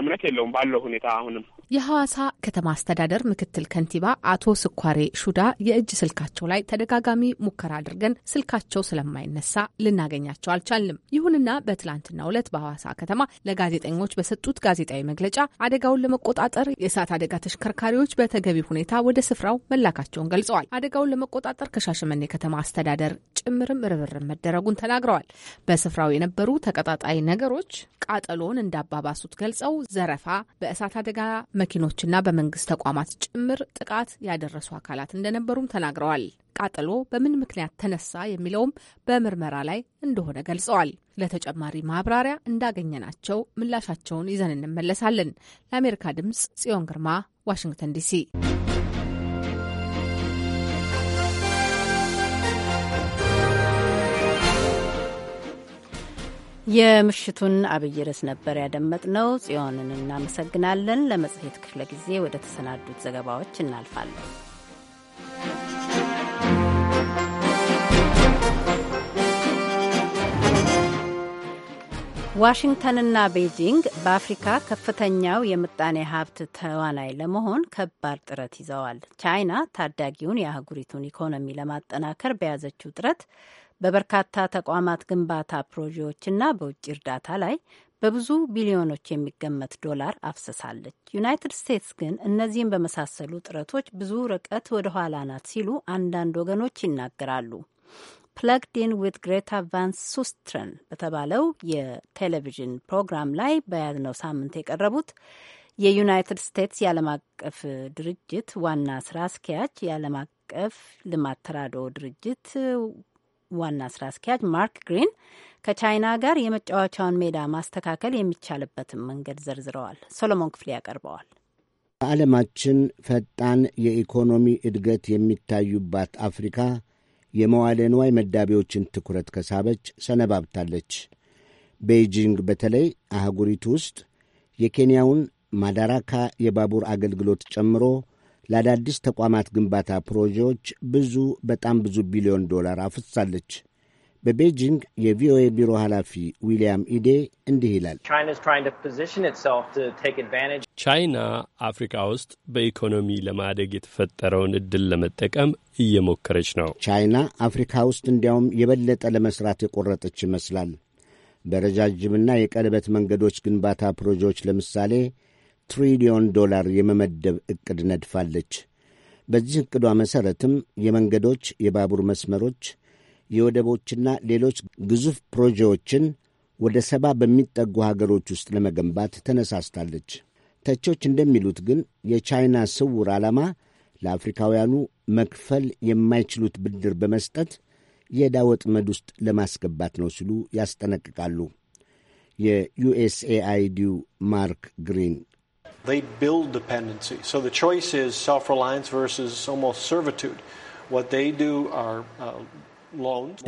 እምነት የለውም ባለው ሁኔታ። አሁንም የሐዋሳ ከተማ አስተዳደር ምክትል ከንቲባ አቶ ስኳሬ ሹዳ የእጅ ስልካቸው ላይ ተደጋጋሚ ሙከራ አድርገን ስልካቸው ስለማይነሳ ልናገኛቸው አልቻልንም። ይሁንና በትላንትናው ዕለት በሐዋሳ ከተማ ለጋዜጠኞች በሰጡት ጋዜጣዊ መግለጫ አደጋውን ለመቆጣጠር የእሳት አደጋ ተሽከርካሪዎች በተገቢ ሁኔታ ወደ ስፍራው መላካቸውን ገልጸዋል። አደጋውን ለመቆጣጠር ከሻሸመኔ ከተማ አስተዳደር ጭምርም ርብርብ መደረጉን ተናግረዋል። በስፍራው የነበሩ ተቀጣጣይ ነገሮች ቃጠሎን እንዳባባሱት ገልጸው ዘረፋ፣ በእሳት አደጋ መኪኖችና በመንግስት ተቋማት ጭምር ጥቃት ያደረሱ አካላት እንደነበሩም ተናግረዋል። ቃጠሎ በምን ምክንያት ተነሳ የሚለውም በምርመራ ላይ እንደሆነ ገልጸዋል። ለተጨማሪ ማብራሪያ እንዳገኘናቸው ምላሻቸውን ይዘን እንመለሳለን። ለአሜሪካ ድምጽ ጽዮን ግርማ፣ ዋሽንግተን ዲሲ የምሽቱን አብይ ርዕስ ነበር ያደመጥነው። ጽዮንን እናመሰግናለን። ለመጽሔት ክፍለ ጊዜ ወደ ተሰናዱት ዘገባዎች እናልፋለን። ዋሽንግተንና ቤጂንግ በአፍሪካ ከፍተኛው የምጣኔ ሀብት ተዋናይ ለመሆን ከባድ ጥረት ይዘዋል። ቻይና ታዳጊውን የአህጉሪቱን ኢኮኖሚ ለማጠናከር በያዘችው ጥረት በበርካታ ተቋማት ግንባታ ፕሮጀክቶችና በውጭ እርዳታ ላይ በብዙ ቢሊዮኖች የሚገመት ዶላር አፍስሳለች። ዩናይትድ ስቴትስ ግን እነዚህን በመሳሰሉ ጥረቶች ብዙ ርቀት ወደ ኋላ ናት ሲሉ አንዳንድ ወገኖች ይናገራሉ። ፕለግድ ኢን ዊት ግሬታ ቫን ሱስትረን በተባለው የቴሌቪዥን ፕሮግራም ላይ በያዝነው ሳምንት የቀረቡት የዩናይትድ ስቴትስ የዓለም አቀፍ ድርጅት ዋና ስራ አስኪያጅ የዓለም አቀፍ ልማት ተራድኦ ድርጅት ዋና ስራ አስኪያጅ ማርክ ግሪን ከቻይና ጋር የመጫወቻውን ሜዳ ማስተካከል የሚቻልበትን መንገድ ዘርዝረዋል። ሶሎሞን ክፍሌ ያቀርበዋል። በዓለማችን ፈጣን የኢኮኖሚ እድገት የሚታዩባት አፍሪካ የመዋለ ንዋይ መዳቢዎችን ትኩረት ከሳበች ሰነባብታለች። ቤይጂንግ በተለይ አህጉሪቱ ውስጥ የኬንያውን ማዳራካ የባቡር አገልግሎት ጨምሮ ለአዳዲስ ተቋማት ግንባታ ፕሮጀዎች ብዙ በጣም ብዙ ቢሊዮን ዶላር አፍሳለች። በቤጂንግ የቪኦኤ ቢሮ ኃላፊ ዊልያም ኢዴ እንዲህ ይላል። ቻይና አፍሪካ ውስጥ በኢኮኖሚ ለማደግ የተፈጠረውን እድል ለመጠቀም እየሞከረች ነው። ቻይና አፍሪካ ውስጥ እንዲያውም የበለጠ ለመስራት የቆረጠች ይመስላል። በረጃጅምና የቀለበት መንገዶች ግንባታ ፕሮጀዎች ለምሳሌ ትሪሊዮን ዶላር የመመደብ ዕቅድ ነድፋለች። በዚህ ዕቅዷ መሠረትም የመንገዶች፣ የባቡር መስመሮች፣ የወደቦችና ሌሎች ግዙፍ ፕሮጀዎችን ወደ ሰባ በሚጠጉ ሀገሮች ውስጥ ለመገንባት ተነሳስታለች። ተቾች እንደሚሉት ግን የቻይና ስውር ዓላማ ለአፍሪካውያኑ መክፈል የማይችሉት ብድር በመስጠት የዕዳ ወጥመድ ውስጥ ለማስገባት ነው ሲሉ ያስጠነቅቃሉ። የዩኤስኤአይዲው ማርክ ግሪን They build dependency. So the choice is self reliance versus almost servitude. What they do are uh,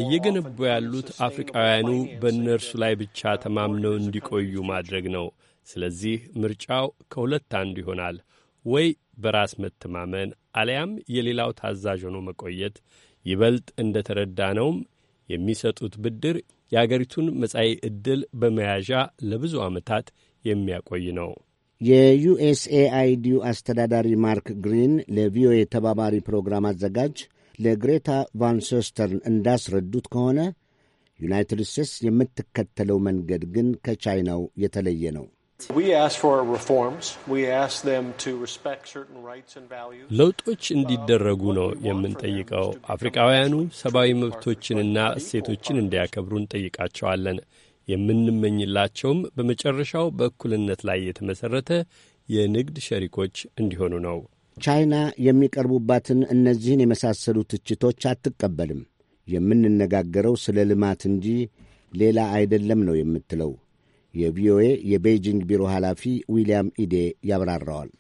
እየገነቡ ያሉት አፍሪቃውያኑ በእነርሱ ላይ ብቻ ተማምነው እንዲቆዩ ማድረግ ነው። ስለዚህ ምርጫው ከሁለት አንዱ ይሆናል። ወይ በራስ መተማመን አሊያም የሌላው ታዛዥ ሆኖ መቆየት። ይበልጥ እንደ ተረዳ ነውም የሚሰጡት ብድር የአገሪቱን መጻኢ ዕድል በመያዣ ለብዙ ዓመታት የሚያቆይ ነው። የዩኤስኤአይዲው አስተዳዳሪ ማርክ ግሪን ለቪኦኤ ተባባሪ ፕሮግራም አዘጋጅ ለግሬታ ቫንሶስተርን እንዳስረዱት ከሆነ ዩናይትድ ስቴትስ የምትከተለው መንገድ ግን ከቻይናው የተለየ ነው። ለውጦች እንዲደረጉ ነው የምንጠይቀው። አፍሪካውያኑ ሰብአዊ መብቶችንና እሴቶችን እንዲያከብሩ እንጠይቃቸዋለን። የምንመኝላቸውም በመጨረሻው በእኩልነት ላይ የተመሠረተ የንግድ ሸሪኮች እንዲሆኑ ነው። ቻይና የሚቀርቡባትን እነዚህን የመሳሰሉ ትችቶች አትቀበልም። የምንነጋገረው ስለ ልማት እንጂ ሌላ አይደለም ነው የምትለው። የቪኦኤ የቤይጂንግ ቢሮ ኃላፊ ዊልያም ኢዴ ያብራራዋል።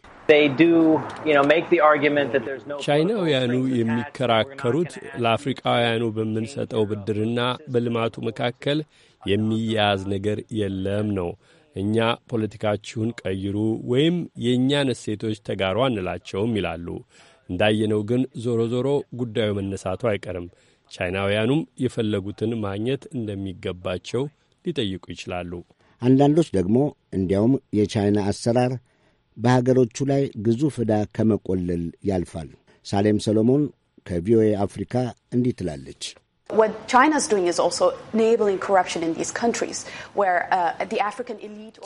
ቻይናውያኑ የሚከራከሩት ለአፍሪቃውያኑ በምንሰጠው ብድርና በልማቱ መካከል የሚያያዝ ነገር የለም ነው። እኛ ፖለቲካችሁን ቀይሩ ወይም የእኛን እሴቶች ተጋሩ አንላቸውም ይላሉ። እንዳየነው ግን ዞሮ ዞሮ ጉዳዩ መነሳቱ አይቀርም። ቻይናውያኑም የፈለጉትን ማግኘት እንደሚገባቸው ሊጠይቁ ይችላሉ። አንዳንዶች ደግሞ እንዲያውም የቻይና አሰራር በሀገሮቹ ላይ ግዙፍ ዕዳ ከመቆለል ያልፋል። ሳሌም ሰሎሞን ከቪኦኤ አፍሪካ እንዲህ ትላለች።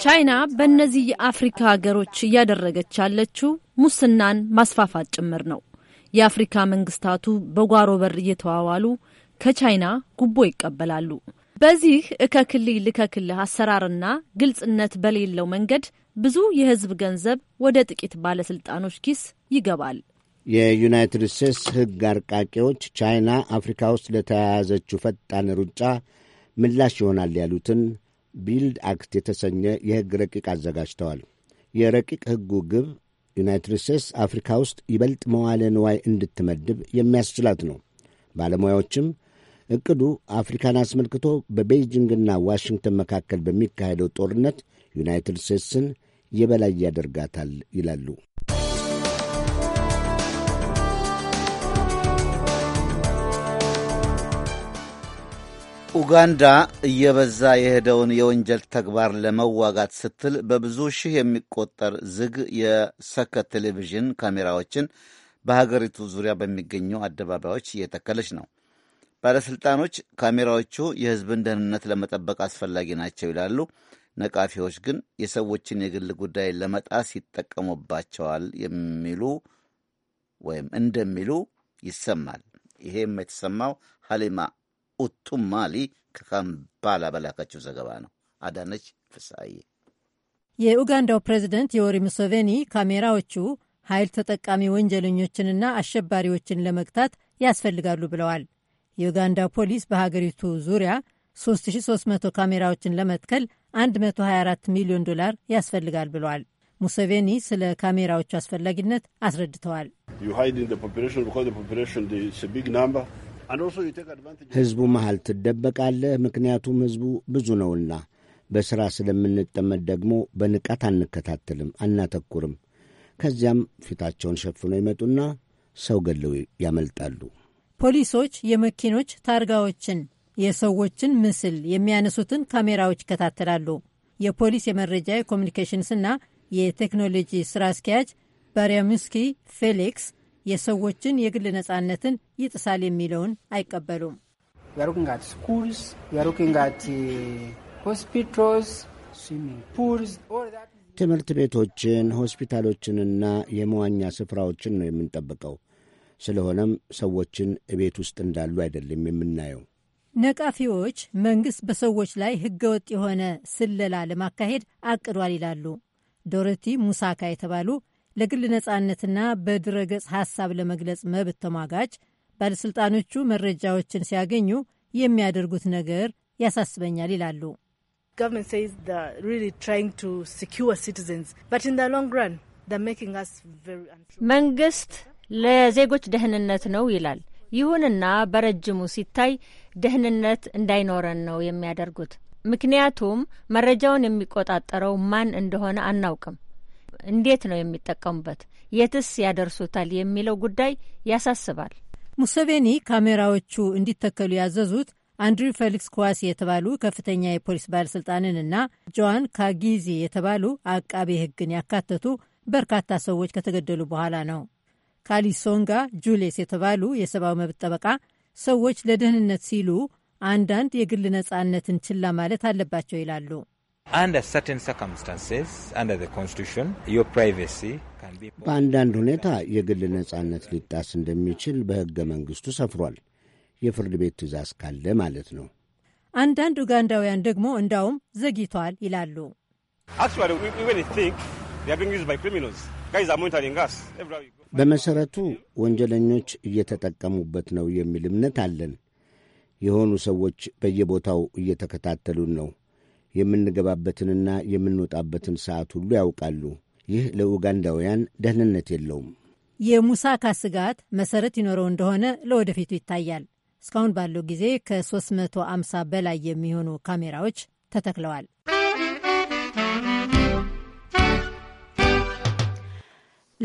ቻይና uh, በእነዚህ የአፍሪካ ሀገሮች እያደረገች ያለችው ሙስናን ማስፋፋት ጭምር ነው። የአፍሪካ መንግስታቱ በጓሮ በር እየተዋዋሉ ከቻይና ጉቦ ይቀበላሉ። በዚህ እከክልህ ልከክልህ አሰራርና ግልጽነት በሌለው መንገድ ብዙ የህዝብ ገንዘብ ወደ ጥቂት ባለስልጣኖች ኪስ ይገባል። የዩናይትድ ስቴትስ ሕግ አርቃቂዎች ቻይና አፍሪካ ውስጥ ለተያያዘችው ፈጣን ሩጫ ምላሽ ይሆናል ያሉትን ቢልድ አክት የተሰኘ የሕግ ረቂቅ አዘጋጅተዋል። የረቂቅ ሕጉ ግብ ዩናይትድ ስቴትስ አፍሪካ ውስጥ ይበልጥ መዋለ ንዋይ እንድትመድብ የሚያስችላት ነው። ባለሙያዎችም እቅዱ አፍሪካን አስመልክቶ በቤይጂንግና ዋሽንግተን መካከል በሚካሄደው ጦርነት ዩናይትድ ስቴትስን የበላይ ያደርጋታል ይላሉ። ኡጋንዳ እየበዛ የሄደውን የወንጀል ተግባር ለመዋጋት ስትል በብዙ ሺህ የሚቆጠር ዝግ የሰከት ቴሌቪዥን ካሜራዎችን በሀገሪቱ ዙሪያ በሚገኙ አደባባዮች እየተከለች ነው። ባለሥልጣኖች ካሜራዎቹ የሕዝብን ደህንነት ለመጠበቅ አስፈላጊ ናቸው ይላሉ። ነቃፊዎች ግን የሰዎችን የግል ጉዳይ ለመጣስ ይጠቀሙባቸዋል የሚሉ ወይም እንደሚሉ ይሰማል። ይሄም የተሰማው ሀሊማ ኡቱማሊ ከካምፓላ በላከችው ዘገባ ነው። አዳነች ፍሳዬ። የኡጋንዳው ፕሬዚደንት የወሪ ሙሴቬኒ ካሜራዎቹ ኃይል ተጠቃሚ ወንጀለኞችንና አሸባሪዎችን ለመግታት ያስፈልጋሉ ብለዋል። የኡጋንዳ ፖሊስ በሀገሪቱ ዙሪያ 3300 ካሜራዎችን ለመትከል 124 ሚሊዮን ዶላር ያስፈልጋል ብለዋል። ሙሴቬኒ ስለ ካሜራዎቹ አስፈላጊነት አስረድተዋል። ሕዝቡ መሃል ትደበቃለህ። ምክንያቱም ሕዝቡ ብዙ ነውና በሥራ ስለምንጠመድ ደግሞ በንቃት አንከታተልም፣ አናተኩርም። ከዚያም ፊታቸውን ሸፍነው ይመጡና ሰው ገለው ያመልጣሉ። ፖሊሶች የመኪኖች ታርጋዎችን፣ የሰዎችን ምስል የሚያነሱትን ካሜራዎች ይከታተላሉ። የፖሊስ የመረጃ የኮሚኒኬሽንስና የቴክኖሎጂ ሥራ አስኪያጅ ባሪያሙስኪ ፌሊክስ የሰዎችን የግል ነጻነትን ይጥሳል የሚለውን አይቀበሉም። ትምህርት ቤቶችን፣ ሆስፒታሎችንና የመዋኛ ስፍራዎችን ነው የምንጠብቀው። ስለሆነም ሰዎችን እቤት ውስጥ እንዳሉ አይደለም የምናየው። ነቃፊዎች መንግሥት በሰዎች ላይ ሕገወጥ የሆነ ስለላ ለማካሄድ አቅዷል ይላሉ ዶሮቲ ሙሳካ የተባሉ ለግል ነፃነትና በድረገጽ ሐሳብ ለመግለጽ መብት ተሟጋች ባለሥልጣኖቹ መረጃዎችን ሲያገኙ የሚያደርጉት ነገር ያሳስበኛል ይላሉ። መንግስት ለዜጎች ደህንነት ነው ይላል። ይሁንና በረጅሙ ሲታይ ደህንነት እንዳይኖረን ነው የሚያደርጉት። ምክንያቱም መረጃውን የሚቆጣጠረው ማን እንደሆነ አናውቅም። እንዴት ነው የሚጠቀሙበት፣ የትስ ያደርሱታል የሚለው ጉዳይ ያሳስባል። ሙሰቬኒ ካሜራዎቹ እንዲተከሉ ያዘዙት አንድሪው ፌሊክስ ኳሲ የተባሉ ከፍተኛ የፖሊስ እና ጆዋን ካጊዚ የተባሉ አቃቤ ሕግን ያካተቱ በርካታ ሰዎች ከተገደሉ በኋላ ነው። ካሊሶንጋ ጁሌስ የተባሉ የሰብአዊ መብት ጠበቃ ሰዎች ለደህንነት ሲሉ አንዳንድ የግል ነጻነትን ችላ ማለት አለባቸው ይላሉ። በአንዳንድ ሁኔታ የግል ነጻነት ሊጣስ እንደሚችል በሕገ መንግሥቱ ሰፍሯል። የፍርድ ቤት ትእዛዝ ካለ ማለት ነው። አንዳንድ ኡጋንዳውያን ደግሞ እንዳውም ዘግይቷል ይላሉ። በመሠረቱ ወንጀለኞች እየተጠቀሙበት ነው የሚል እምነት አለን። የሆኑ ሰዎች በየቦታው እየተከታተሉን ነው። የምንገባበትንና የምንወጣበትን ሰዓት ሁሉ ያውቃሉ። ይህ ለኡጋንዳውያን ደህንነት የለውም። የሙሳካ ስጋት መሰረት ይኖረው እንደሆነ ለወደፊቱ ይታያል። እስካሁን ባለው ጊዜ ከ350 በላይ የሚሆኑ ካሜራዎች ተተክለዋል።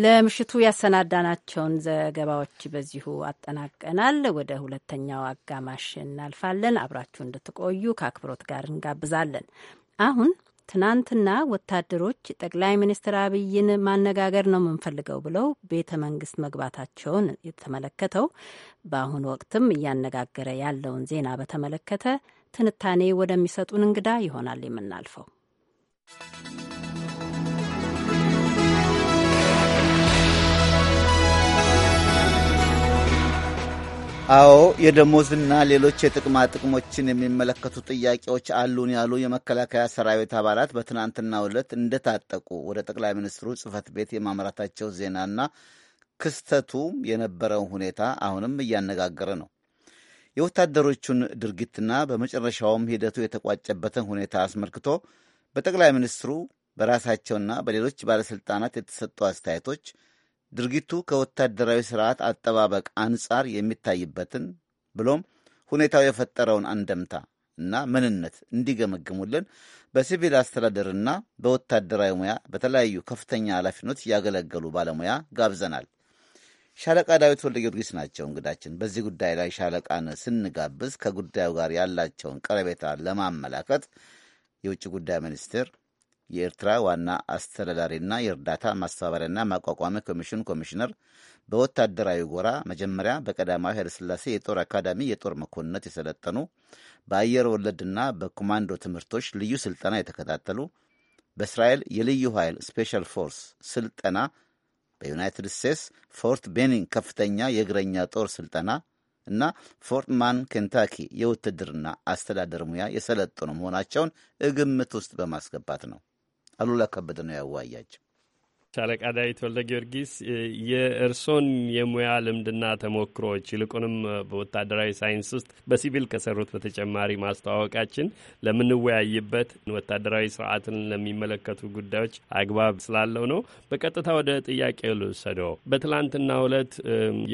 ለምሽቱ ያሰናዳናቸውን ዘገባዎች በዚሁ አጠናቀናል። ወደ ሁለተኛው አጋማሽ እናልፋለን። አብራችሁ እንድትቆዩ ከአክብሮት ጋር እንጋብዛለን። አሁን ትናንትና ወታደሮች ጠቅላይ ሚኒስትር አብይን ማነጋገር ነው የምንፈልገው ብለው ቤተ መንግስት መግባታቸውን የተመለከተው በአሁኑ ወቅትም እያነጋገረ ያለውን ዜና በተመለከተ ትንታኔ ወደሚሰጡን እንግዳ ይሆናል የምናልፈው። አዎ የደሞዝና ሌሎች የጥቅማ ጥቅሞችን የሚመለከቱ ጥያቄዎች አሉን ያሉ የመከላከያ ሰራዊት አባላት በትናንትናው ዕለት እንደታጠቁ ወደ ጠቅላይ ሚኒስትሩ ጽህፈት ቤት የማምራታቸው ዜናና ክስተቱ የነበረው ሁኔታ አሁንም እያነጋገረ ነው። የወታደሮቹን ድርጊትና በመጨረሻውም ሂደቱ የተቋጨበትን ሁኔታ አስመልክቶ በጠቅላይ ሚኒስትሩ በራሳቸውና በሌሎች ባለሥልጣናት የተሰጡ አስተያየቶች ድርጊቱ ከወታደራዊ ስርዓት አጠባበቅ አንጻር የሚታይበትን ብሎም ሁኔታው የፈጠረውን አንደምታ እና ምንነት እንዲገመግሙልን በሲቪል አስተዳደርና በወታደራዊ ሙያ በተለያዩ ከፍተኛ ኃላፊነት ያገለገሉ ባለሙያ ጋብዘናል። ሻለቃ ዳዊት ወልደ ጊዮርጊስ ናቸው እንግዳችን። በዚህ ጉዳይ ላይ ሻለቃን ስንጋብዝ ከጉዳዩ ጋር ያላቸውን ቀረቤታ ለማመላከት የውጭ ጉዳይ ሚኒስቴር የኤርትራ ዋና አስተዳዳሪና የእርዳታ ማስተባበሪያና ማቋቋሚያ ኮሚሽን ኮሚሽነር በወታደራዊ ጎራ መጀመሪያ በቀዳማዊ ኃይለሥላሴ የጦር አካዳሚ የጦር መኮንነት የሰለጠኑ በአየር ወለድና በኮማንዶ ትምህርቶች ልዩ ስልጠና የተከታተሉ በእስራኤል የልዩ ኃይል ስፔሻል ፎርስ ስልጠና በዩናይትድ ስቴትስ ፎርት ቤኒንግ ከፍተኛ የእግረኛ ጦር ስልጠና እና ፎርት ማን ኬንታኪ የውትድርና አስተዳደር ሙያ የሰለጠኑ መሆናቸውን ግምት ውስጥ በማስገባት ነው። አሉላ ከበደ ነው ያዋያቸው። ሻለቃ ዳዊት ወልደ ጊዮርጊስ የእርሶን የሙያ ልምድና ተሞክሮዎች ይልቁንም በወታደራዊ ሳይንስ ውስጥ በሲቪል ከሰሩት በተጨማሪ ማስተዋወቃችን ለምንወያይበት ወታደራዊ ስርዓትን ለሚመለከቱ ጉዳዮች አግባብ ስላለው ነው። በቀጥታ ወደ ጥያቄ ልውሰደው። በትላንትና ዕለት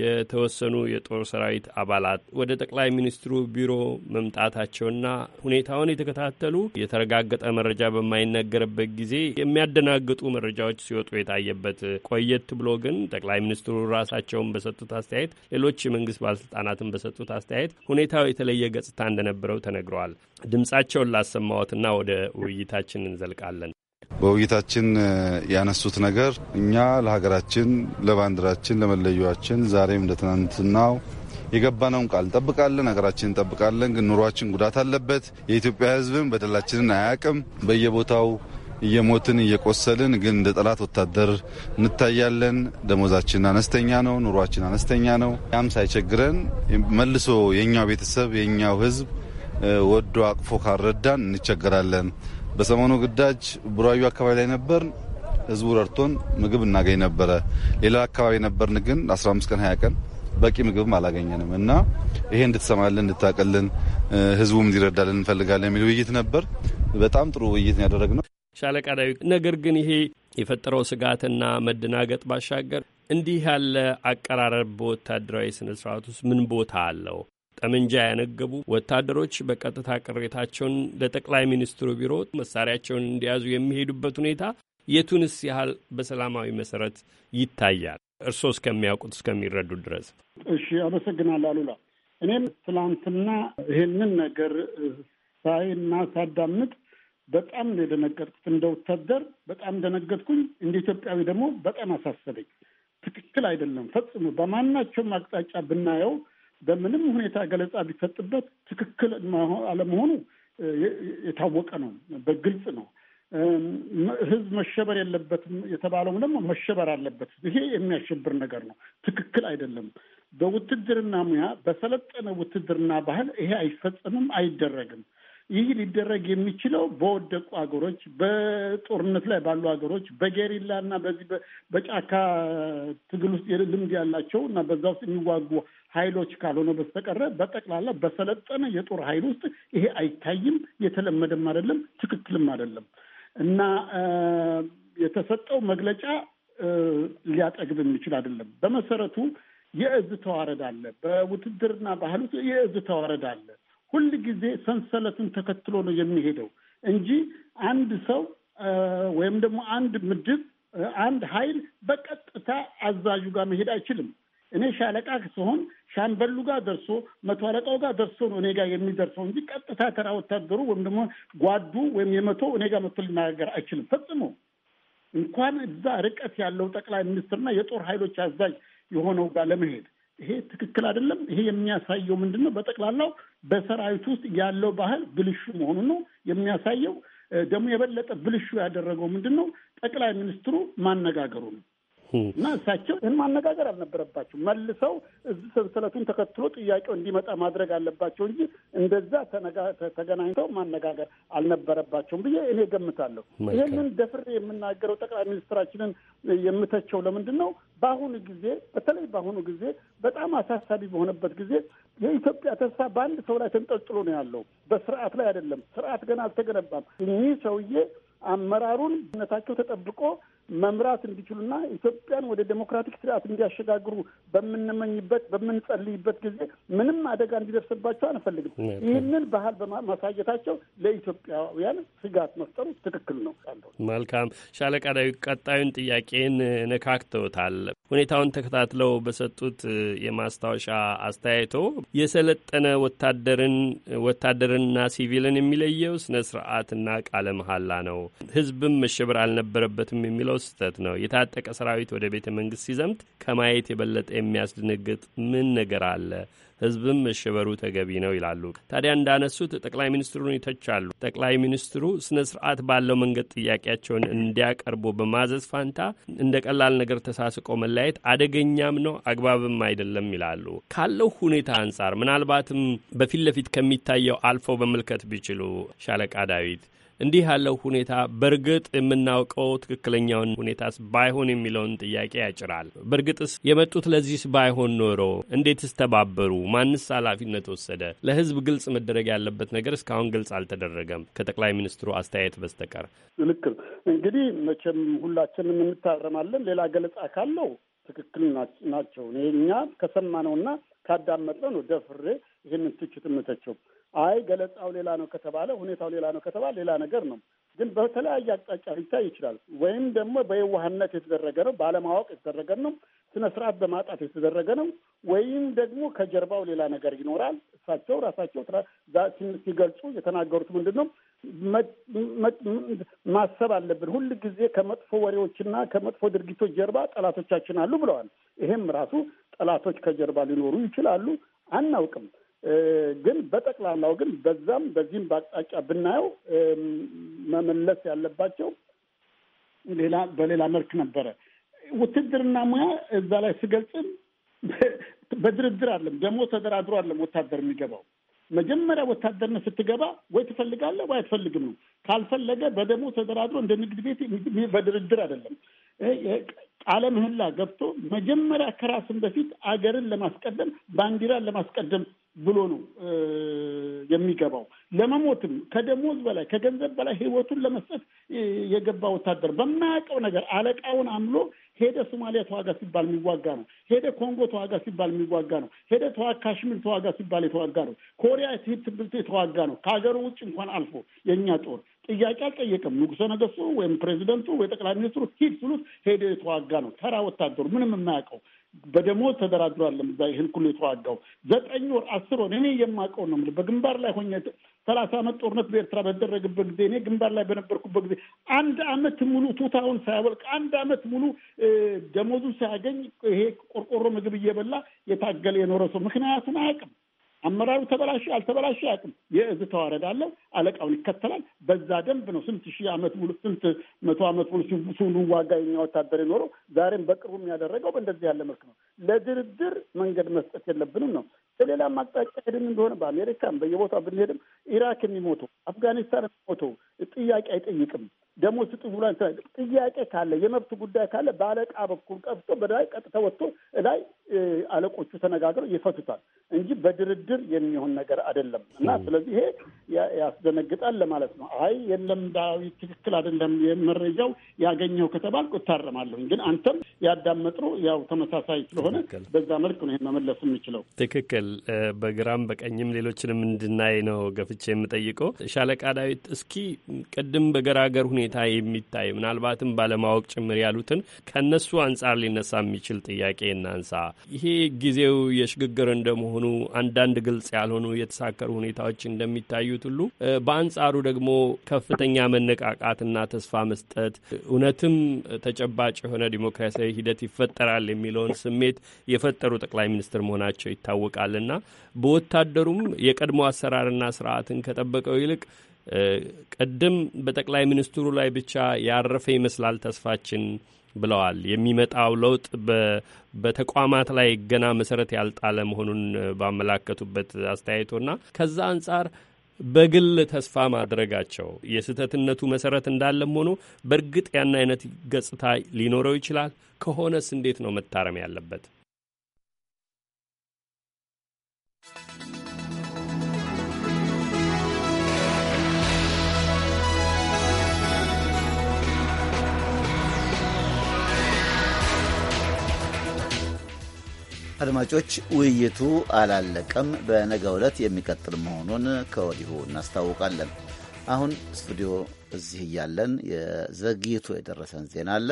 የተወሰኑ የጦር ሰራዊት አባላት ወደ ጠቅላይ ሚኒስትሩ ቢሮ መምጣታቸውና ሁኔታውን የተከታተሉ የተረጋገጠ መረጃ በማይነገርበት ጊዜ የሚያደናግጡ መረጃዎች ሲወጡ የታየበት ቆየት ብሎ ግን ጠቅላይ ሚኒስትሩ ራሳቸውን በሰጡት አስተያየት፣ ሌሎች የመንግስት ባለስልጣናትን በሰጡት አስተያየት ሁኔታው የተለየ ገጽታ እንደነበረው ተነግረዋል። ድምጻቸውን ላሰማዎትና ወደ ውይይታችን እንዘልቃለን። በውይይታችን ያነሱት ነገር እኛ ለሀገራችን፣ ለባንዲራችን፣ ለመለያችን ዛሬም እንደትናንትናው የገባነውን ቃል እንጠብቃለን። ሀገራችን እንጠብቃለን። ግን ኑሯችን ጉዳት አለበት። የኢትዮጵያ ሕዝብም በደላችንን አያቅም። በየቦታው እየሞትን እየቆሰልን ግን እንደ ጠላት ወታደር እንታያለን። ደሞዛችን አነስተኛ ነው፣ ኑሯችን አነስተኛ ነው። ያም ሳይቸግረን መልሶ የኛው ቤተሰብ የኛው ህዝብ ወዶ አቅፎ ካልረዳን እንቸገራለን። በሰሞኑ ግዳጅ ቡራዩ አካባቢ ላይ ነበር። ህዝቡ ረድቶን ምግብ እናገኝ ነበረ። ሌላ አካባቢ ነበርን፣ ግን 15 ቀን 20 ቀን በቂ ምግብም አላገኘንም እና ይሄ እንድትሰማልን እንድታቀልን ህዝቡም እንዲረዳልን እንፈልጋለን የሚል ውይይት ነበር። በጣም ጥሩ ውይይት ያደረግ ነው። ሻለቃ ዳዊት፣ ነገር ግን ይሄ የፈጠረው ስጋትና መደናገጥ ባሻገር እንዲህ ያለ አቀራረብ በወታደራዊ ስነ ስርዓት ውስጥ ምን ቦታ አለው? ጠመንጃ ያነገቡ ወታደሮች በቀጥታ ቅሬታቸውን ለጠቅላይ ሚኒስትሩ ቢሮ መሳሪያቸውን እንዲያዙ የሚሄዱበት ሁኔታ የቱንስ ያህል በሰላማዊ መሰረት ይታያል? እርስዎ እስከሚያውቁት እስከሚረዱ ድረስ። እሺ፣ አመሰግናለሁ አሉላ። እኔም ትላንትና ይህንን ነገር እና ሳዳምጥ በጣም ነው የደነገጥኩት። እንደ ወታደር በጣም ደነገጥኩኝ። እንደ ኢትዮጵያዊ ደግሞ በጣም አሳሰበኝ። ትክክል አይደለም ፈጽሞ። በማናቸውም አቅጣጫ ብናየው በምንም ሁኔታ ገለጻ ቢሰጥበት ትክክል አለመሆኑ የታወቀ ነው፣ በግልጽ ነው። ህዝብ መሸበር የለበትም የተባለው ደግሞ መሸበር አለበት። ይሄ የሚያሸብር ነገር ነው፣ ትክክል አይደለም። በውትድርና ሙያ፣ በሰለጠነ ውትድርና ባህል ይሄ አይፈጸምም፣ አይደረግም። ይህ ሊደረግ የሚችለው በወደቁ ሀገሮች፣ በጦርነት ላይ ባሉ ሀገሮች፣ በጌሪላ እና በዚህ በጫካ ትግል ውስጥ ልምድ ያላቸው እና በዛ ውስጥ የሚዋጉ ኃይሎች ካልሆነ በስተቀረ በጠቅላላ በሰለጠነ የጦር ኃይል ውስጥ ይሄ አይታይም። የተለመደም አይደለም፣ ትክክልም አይደለም እና የተሰጠው መግለጫ ሊያጠግብ የሚችል አይደለም። በመሰረቱ የእዝ ተዋረድ አለ። በውትድርና ባህል ውስጥ የእዝ ተዋረድ አለ። ሁል ጊዜ ሰንሰለቱን ተከትሎ ነው የሚሄደው እንጂ አንድ ሰው ወይም ደግሞ አንድ ምድብ አንድ ኃይል በቀጥታ አዛዡ ጋር መሄድ አይችልም። እኔ ሻለቃ ሲሆን ሻምበሉ ጋር ደርሶ መቶ አለቃው ጋር ደርሶ ነው እኔ ጋር የሚደርሰው እንጂ ቀጥታ ተራ ወታደሩ ወይም ደግሞ ጓዱ ወይም የመቶ እኔ ጋር መቶ ሊነጋገር አይችልም ፈጽሞ። እንኳን እዛ ርቀት ያለው ጠቅላይ ሚኒስትርና የጦር ኃይሎች አዛዥ የሆነው ጋር ለመሄድ ይሄ ትክክል አይደለም። ይሄ የሚያሳየው ምንድን ነው? በጠቅላላው በሰራዊት ውስጥ ያለው ባህል ብልሹ መሆኑን ነው የሚያሳየው። ደግሞ የበለጠ ብልሹ ያደረገው ምንድን ነው? ጠቅላይ ሚኒስትሩ ማነጋገሩ ነው። እና እሳቸው ይህን ማነጋገር አልነበረባቸው። መልሰው እዚህ ሰንሰለቱን ተከትሎ ጥያቄው እንዲመጣ ማድረግ አለባቸው እንጂ እንደዛ ተገናኝተው ማነጋገር አልነበረባቸውም ብዬ እኔ ገምታለሁ። ይህንን ደፍሬ የምናገረው ጠቅላይ ሚኒስትራችንን የምተቸው ለምንድን ነው? በአሁኑ ጊዜ በተለይ በአሁኑ ጊዜ በጣም አሳሳቢ በሆነበት ጊዜ የኢትዮጵያ ተስፋ በአንድ ሰው ላይ ተንጠልጥሎ ነው ያለው፣ በስርዓት ላይ አይደለም። ስርዓት ገና አልተገነባም። እኚህ ሰውዬ አመራሩን ነታቸው ተጠብቆ መምራት እንዲችሉና ኢትዮጵያን ወደ ዴሞክራቲክ ስርዓት እንዲያሸጋግሩ በምንመኝበት በምንጸልይበት ጊዜ ምንም አደጋ እንዲደርስባቸው አንፈልግም። ይህንን ባህል በማሳየታቸው ለኢትዮጵያውያን ስጋት መፍጠሩ ትክክል ነው። መልካም ሻለቃ ቀጣዩን ጥያቄን ነካክተውታል። ሁኔታውን ተከታትለው በሰጡት የማስታወሻ አስተያየቶ የሰለጠነ ወታደርን ወታደርንና ሲቪልን የሚለየው ስነ ስርዓትና ቃለ መሀላ ነው፣ ህዝብም መሸበር አልነበረበትም የሚለው ስህተት ነው? የታጠቀ ሰራዊት ወደ ቤተ መንግስት ሲዘምት ከማየት የበለጠ የሚያስደነግጥ ምን ነገር አለ? ህዝብም መሸበሩ ተገቢ ነው ይላሉ። ታዲያ እንዳነሱት ጠቅላይ ሚኒስትሩን ይተቻሉ። ጠቅላይ ሚኒስትሩ ስነ ስርዓት ባለው መንገድ ጥያቄያቸውን እንዲያቀርቡ በማዘዝ ፋንታ እንደ ቀላል ነገር ተሳስቆ መለያየት አደገኛም ነው፣ አግባብም አይደለም ይላሉ። ካለው ሁኔታ አንጻር ምናልባትም በፊት ለፊት ከሚታየው አልፎ በመልከት ቢችሉ ሻለቃ ዳዊት እንዲህ ያለው ሁኔታ በእርግጥ የምናውቀው ትክክለኛውን ሁኔታስ ባይሆን የሚለውን ጥያቄ ያጭራል። በእርግጥስ የመጡት ለዚህስ ባይሆን ኖሮ እንዴትስ ተባበሩ? ማንስ ኃላፊነት ወሰደ? ለህዝብ ግልጽ መደረግ ያለበት ነገር እስካሁን ግልጽ አልተደረገም ከጠቅላይ ሚኒስትሩ አስተያየት በስተቀር። ልክም እንግዲህ መቼም ሁላችንም እንታረማለን። ሌላ ገለጻ ካለው ትክክል ናቸው። እኛ ከሰማነውና ካዳመጥነው ነው ደፍሬ ይህንን ትችት የምተቸው አይ ገለጻው ሌላ ነው ከተባለ፣ ሁኔታው ሌላ ነው ከተባለ ሌላ ነገር ነው። ግን በተለያየ አቅጣጫ ሊታይ ይችላል። ወይም ደግሞ በየዋህነት የተደረገ ነው፣ ባለማወቅ የተደረገ ነው፣ ስነ ስርዓት በማጣት የተደረገ ነው። ወይም ደግሞ ከጀርባው ሌላ ነገር ይኖራል። እሳቸው ራሳቸው ሲገልጹ የተናገሩት ምንድን ነው? ማሰብ አለብን ሁል ጊዜ ከመጥፎ ወሬዎችና ከመጥፎ ድርጊቶች ጀርባ ጠላቶቻችን አሉ ብለዋል። ይሄም ራሱ ጠላቶች ከጀርባ ሊኖሩ ይችላሉ፣ አናውቅም። ግን በጠቅላላው ግን በዛም በዚህም በአቅጣጫ ብናየው መመለስ ያለባቸው ሌላ በሌላ መልክ ነበረ። ውትድርና ሙያ እዛ ላይ ስገልጽም በድርድር አለም ደግሞ ተደራድሮ አለም ወታደር የሚገባው መጀመሪያ ወታደርነት ስትገባ ወይ ትፈልጋለህ ወይ አትፈልግም ነው። ካልፈለገ በደሞ ተደራድሮ እንደ ንግድ ቤት በድርድር አይደለም። ቃለ ምህላ ገብቶ መጀመሪያ ከራስን በፊት አገርን ለማስቀደም ባንዲራን ለማስቀደም ብሎ ነው የሚገባው። ለመሞትም ከደሞዝ በላይ ከገንዘብ በላይ ህይወቱን ለመስጠት የገባ ወታደር በማያውቀው ነገር አለቃውን አምሎ ሄደ ሶማሊያ ተዋጋ ሲባል የሚዋጋ ነው። ሄደ ኮንጎ ተዋጋ ሲባል የሚዋጋ ነው። ሄደ ካሽሚር ተዋጋ ሲባል የተዋጋ ነው። ኮሪያ ትብልት የተዋጋ ነው። ከሀገሩ ውጭ እንኳን አልፎ የእኛ ጦር ጥያቄ አልጠየቅም። ንጉሰ ነገስቱ ወይም ፕሬዚደንቱ ወይ ጠቅላይ ሚኒስትሩ ሂድ ስሉት ሄደ የተዋጋ ነው። ተራ ወታደሩ ምንም የማያውቀው በደሞዝ ተደራድሮ አለም እዛ ይህን ሁሉ የተዋጋው ዘጠኝ ወር አስር ወር እኔ የማውቀው ነው የምልህ። በግንባር ላይ ሆኜ ሰላሳ አመት ጦርነት በኤርትራ በተደረገበት ጊዜ እኔ ግንባር ላይ በነበርኩበት ጊዜ አንድ አመት ሙሉ ቱታውን ሳያወልቅ አንድ አመት ሙሉ ደሞዙ ሳያገኝ ይሄ ቆርቆሮ ምግብ እየበላ የታገለ የኖረ ሰው ምክንያቱን አያውቅም። አመራሩ ተበላሽ አልተበላሽ አያውቅም። የእዝ ተዋረድ አለ፣ አለቃውን ይከተላል። በዛ ደንብ ነው ስንት ሺህ ዓመት ሙሉ ስንት መቶ ዓመት ሙሉ ሲዋጋ የኛ ወታደር የኖረው ዛሬም በቅርቡ የሚያደረገው በእንደዚህ ያለ መልክ ነው። ለድርድር መንገድ መስጠት የለብንም ነው። በሌላም አቅጣጫ ሄድን እንደሆነ በአሜሪካም በየቦታው ብንሄድም ኢራክ የሚሞተው አፍጋኒስታን የሚሞተው ጥያቄ አይጠይቅም። ደግሞ ስጡ ብሎ ጥያቄ ካለ የመብት ጉዳይ ካለ በአለቃ በኩል ቀብቶ በላይ ቀጥታ ወጥቶ ላይ አለቆቹ ተነጋግረው ይፈቱታል እንጂ በድርድር የሚሆን ነገር አይደለም። እና ስለዚህ ይሄ ያስደነግጣል ለማለት ነው። አይ የለም ዳዊ ትክክል አይደለም መረጃው ያገኘው ከተባል እታረማለሁኝ። ግን አንተም ያዳመጥሩ ያው ተመሳሳይ ስለሆነ በዛ መልክ ነው ይሄን መመለስ የምችለው። ትክክል በግራም በቀኝም ሌሎችንም እንድናይ ነው ገፍቼ የምጠይቀው። ሻለቃ ዳዊት እስኪ ቅድም በገራገር ሁኔ ሁኔታ የሚታይ ምናልባትም ባለማወቅ ጭምር ያሉትን ከእነሱ አንጻር ሊነሳ የሚችል ጥያቄ እናንሳ። ይሄ ጊዜው የሽግግር እንደመሆኑ አንዳንድ ግልጽ ያልሆኑ የተሳከሩ ሁኔታዎች እንደሚታዩት ሁሉ በአንጻሩ ደግሞ ከፍተኛ መነቃቃትና ተስፋ መስጠት እውነትም ተጨባጭ የሆነ ዲሞክራሲያዊ ሂደት ይፈጠራል የሚለውን ስሜት የፈጠሩ ጠቅላይ ሚኒስትር መሆናቸው ይታወቃልና በወታደሩም የቀድሞ አሰራርና ስርዓትን ከጠበቀው ይልቅ ቀደም በጠቅላይ ሚኒስትሩ ላይ ብቻ ያረፈ ይመስላል ተስፋችን ብለዋል። የሚመጣው ለውጥ በተቋማት ላይ ገና መሰረት ያልጣለ መሆኑን ባመላከቱበት አስተያየቶና ከዛ አንጻር በግል ተስፋ ማድረጋቸው የስህተትነቱ መሰረት እንዳለም ሆኖ በእርግጥ ያን አይነት ገጽታ ሊኖረው ይችላል። ከሆነስ እንዴት ነው መታረም ያለበት? አድማጮች ውይይቱ አላለቀም። በነገ ዕለት የሚቀጥል መሆኑን ከወዲሁ እናስታውቃለን። አሁን ስቱዲዮ እዚህ እያለን የዘግይቱ የደረሰን ዜና አለ።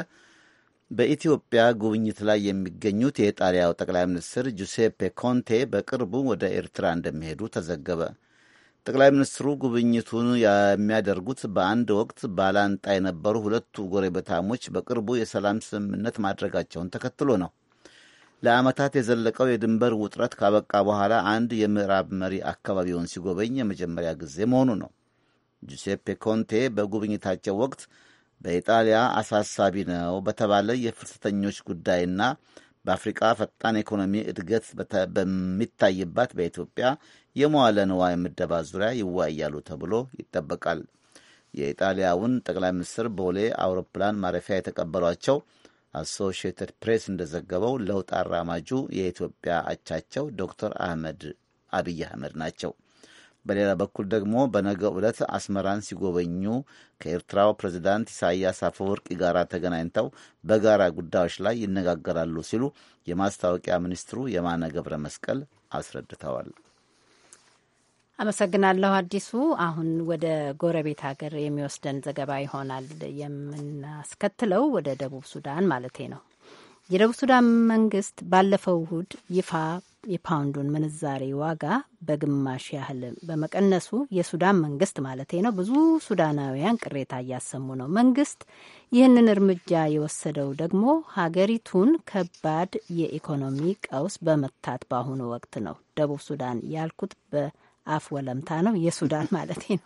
በኢትዮጵያ ጉብኝት ላይ የሚገኙት የጣሊያው ጠቅላይ ሚኒስትር ጁሴፔ ኮንቴ በቅርቡ ወደ ኤርትራ እንደሚሄዱ ተዘገበ። ጠቅላይ ሚኒስትሩ ጉብኝቱን የሚያደርጉት በአንድ ወቅት ባላንጣ የነበሩ ሁለቱ ጎረቤታሞች በቅርቡ የሰላም ስምምነት ማድረጋቸውን ተከትሎ ነው። ለዓመታት የዘለቀው የድንበር ውጥረት ካበቃ በኋላ አንድ የምዕራብ መሪ አካባቢውን ሲጎበኝ የመጀመሪያ ጊዜ መሆኑ ነው። ጁሴፔ ኮንቴ በጉብኝታቸው ወቅት በኢጣሊያ አሳሳቢ ነው በተባለ የፍልሰተኞች ጉዳይና በአፍሪቃ ፈጣን ኢኮኖሚ እድገት በሚታይባት በኢትዮጵያ የመዋለ ንዋይ ምደባ ዙሪያ ይወያያሉ ተብሎ ይጠበቃል። የኢጣሊያውን ጠቅላይ ሚኒስትር ቦሌ አውሮፕላን ማረፊያ የተቀበሏቸው አሶሺየትድ ፕሬስ እንደዘገበው ለውጥ አራማጁ የኢትዮጵያ አቻቸው ዶክተር አህመድ አብይ አህመድ ናቸው። በሌላ በኩል ደግሞ በነገ ዕለት አስመራን ሲጎበኙ ከኤርትራው ፕሬዚዳንት ኢሳያስ አፈወርቂ ጋር ተገናኝተው በጋራ ጉዳዮች ላይ ይነጋገራሉ ሲሉ የማስታወቂያ ሚኒስትሩ የማነ ገብረ መስቀል አስረድተዋል። አመሰግናለሁ አዲሱ። አሁን ወደ ጎረቤት ሀገር የሚወስደን ዘገባ ይሆናል የምናስከትለው ወደ ደቡብ ሱዳን ማለቴ ነው። የደቡብ ሱዳን መንግስት ባለፈው እሁድ ይፋ የፓውንዱን ምንዛሬ ዋጋ በግማሽ ያህል በመቀነሱ የሱዳን መንግስት ማለቴ ነው ብዙ ሱዳናውያን ቅሬታ እያሰሙ ነው። መንግስት ይህንን እርምጃ የወሰደው ደግሞ ሀገሪቱን ከባድ የኢኮኖሚ ቀውስ በመታት በአሁኑ ወቅት ነው። ደቡብ ሱዳን ያልኩት በ አፍ ወለምታ ነው የሱዳን ማለት ነው።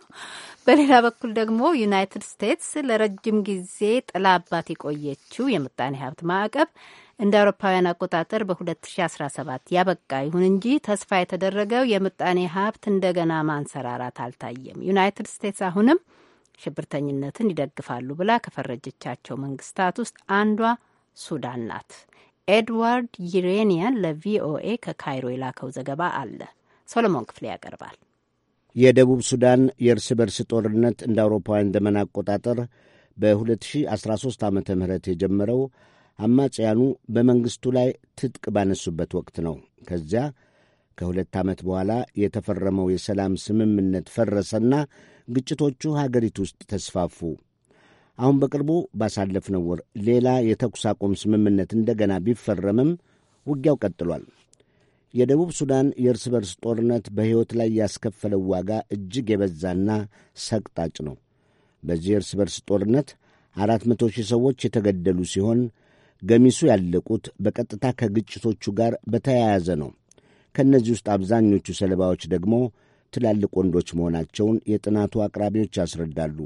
በሌላ በኩል ደግሞ ዩናይትድ ስቴትስ ለረጅም ጊዜ ጥላ አባት የቆየችው የምጣኔ ሀብት ማዕቀብ እንደ አውሮፓውያን አቆጣጠር በ2017 ያበቃ። ይሁን እንጂ ተስፋ የተደረገው የምጣኔ ሀብት እንደገና ማንሰራራት አልታየም። ዩናይትድ ስቴትስ አሁንም ሽብርተኝነትን ይደግፋሉ ብላ ከፈረጀቻቸው መንግስታት ውስጥ አንዷ ሱዳን ናት። ኤድዋርድ ዩሬኒያን ለቪኦኤ ከካይሮ የላከው ዘገባ አለ። ሰሎሞን ክፍሌ ያቀርባል። የደቡብ ሱዳን የእርስ በርስ ጦርነት እንደ አውሮፓውያን ዘመን አቆጣጠር በ2013 ዓ ም የጀመረው አማጽያኑ በመንግሥቱ ላይ ትጥቅ ባነሱበት ወቅት ነው። ከዚያ ከሁለት ዓመት በኋላ የተፈረመው የሰላም ስምምነት ፈረሰና ግጭቶቹ ሀገሪቱ ውስጥ ተስፋፉ። አሁን በቅርቡ ባሳለፍነው ወር ሌላ የተኩስ አቁም ስምምነት እንደገና ቢፈረምም ውጊያው ቀጥሏል። የደቡብ ሱዳን የእርስ በርስ ጦርነት በሕይወት ላይ ያስከፈለው ዋጋ እጅግ የበዛና ሰቅጣጭ ነው። በዚህ የእርስ በርስ ጦርነት አራት መቶ ሺህ ሰዎች የተገደሉ ሲሆን ገሚሱ ያለቁት በቀጥታ ከግጭቶቹ ጋር በተያያዘ ነው። ከእነዚህ ውስጥ አብዛኞቹ ሰለባዎች ደግሞ ትላልቅ ወንዶች መሆናቸውን የጥናቱ አቅራቢዎች ያስረዳሉ።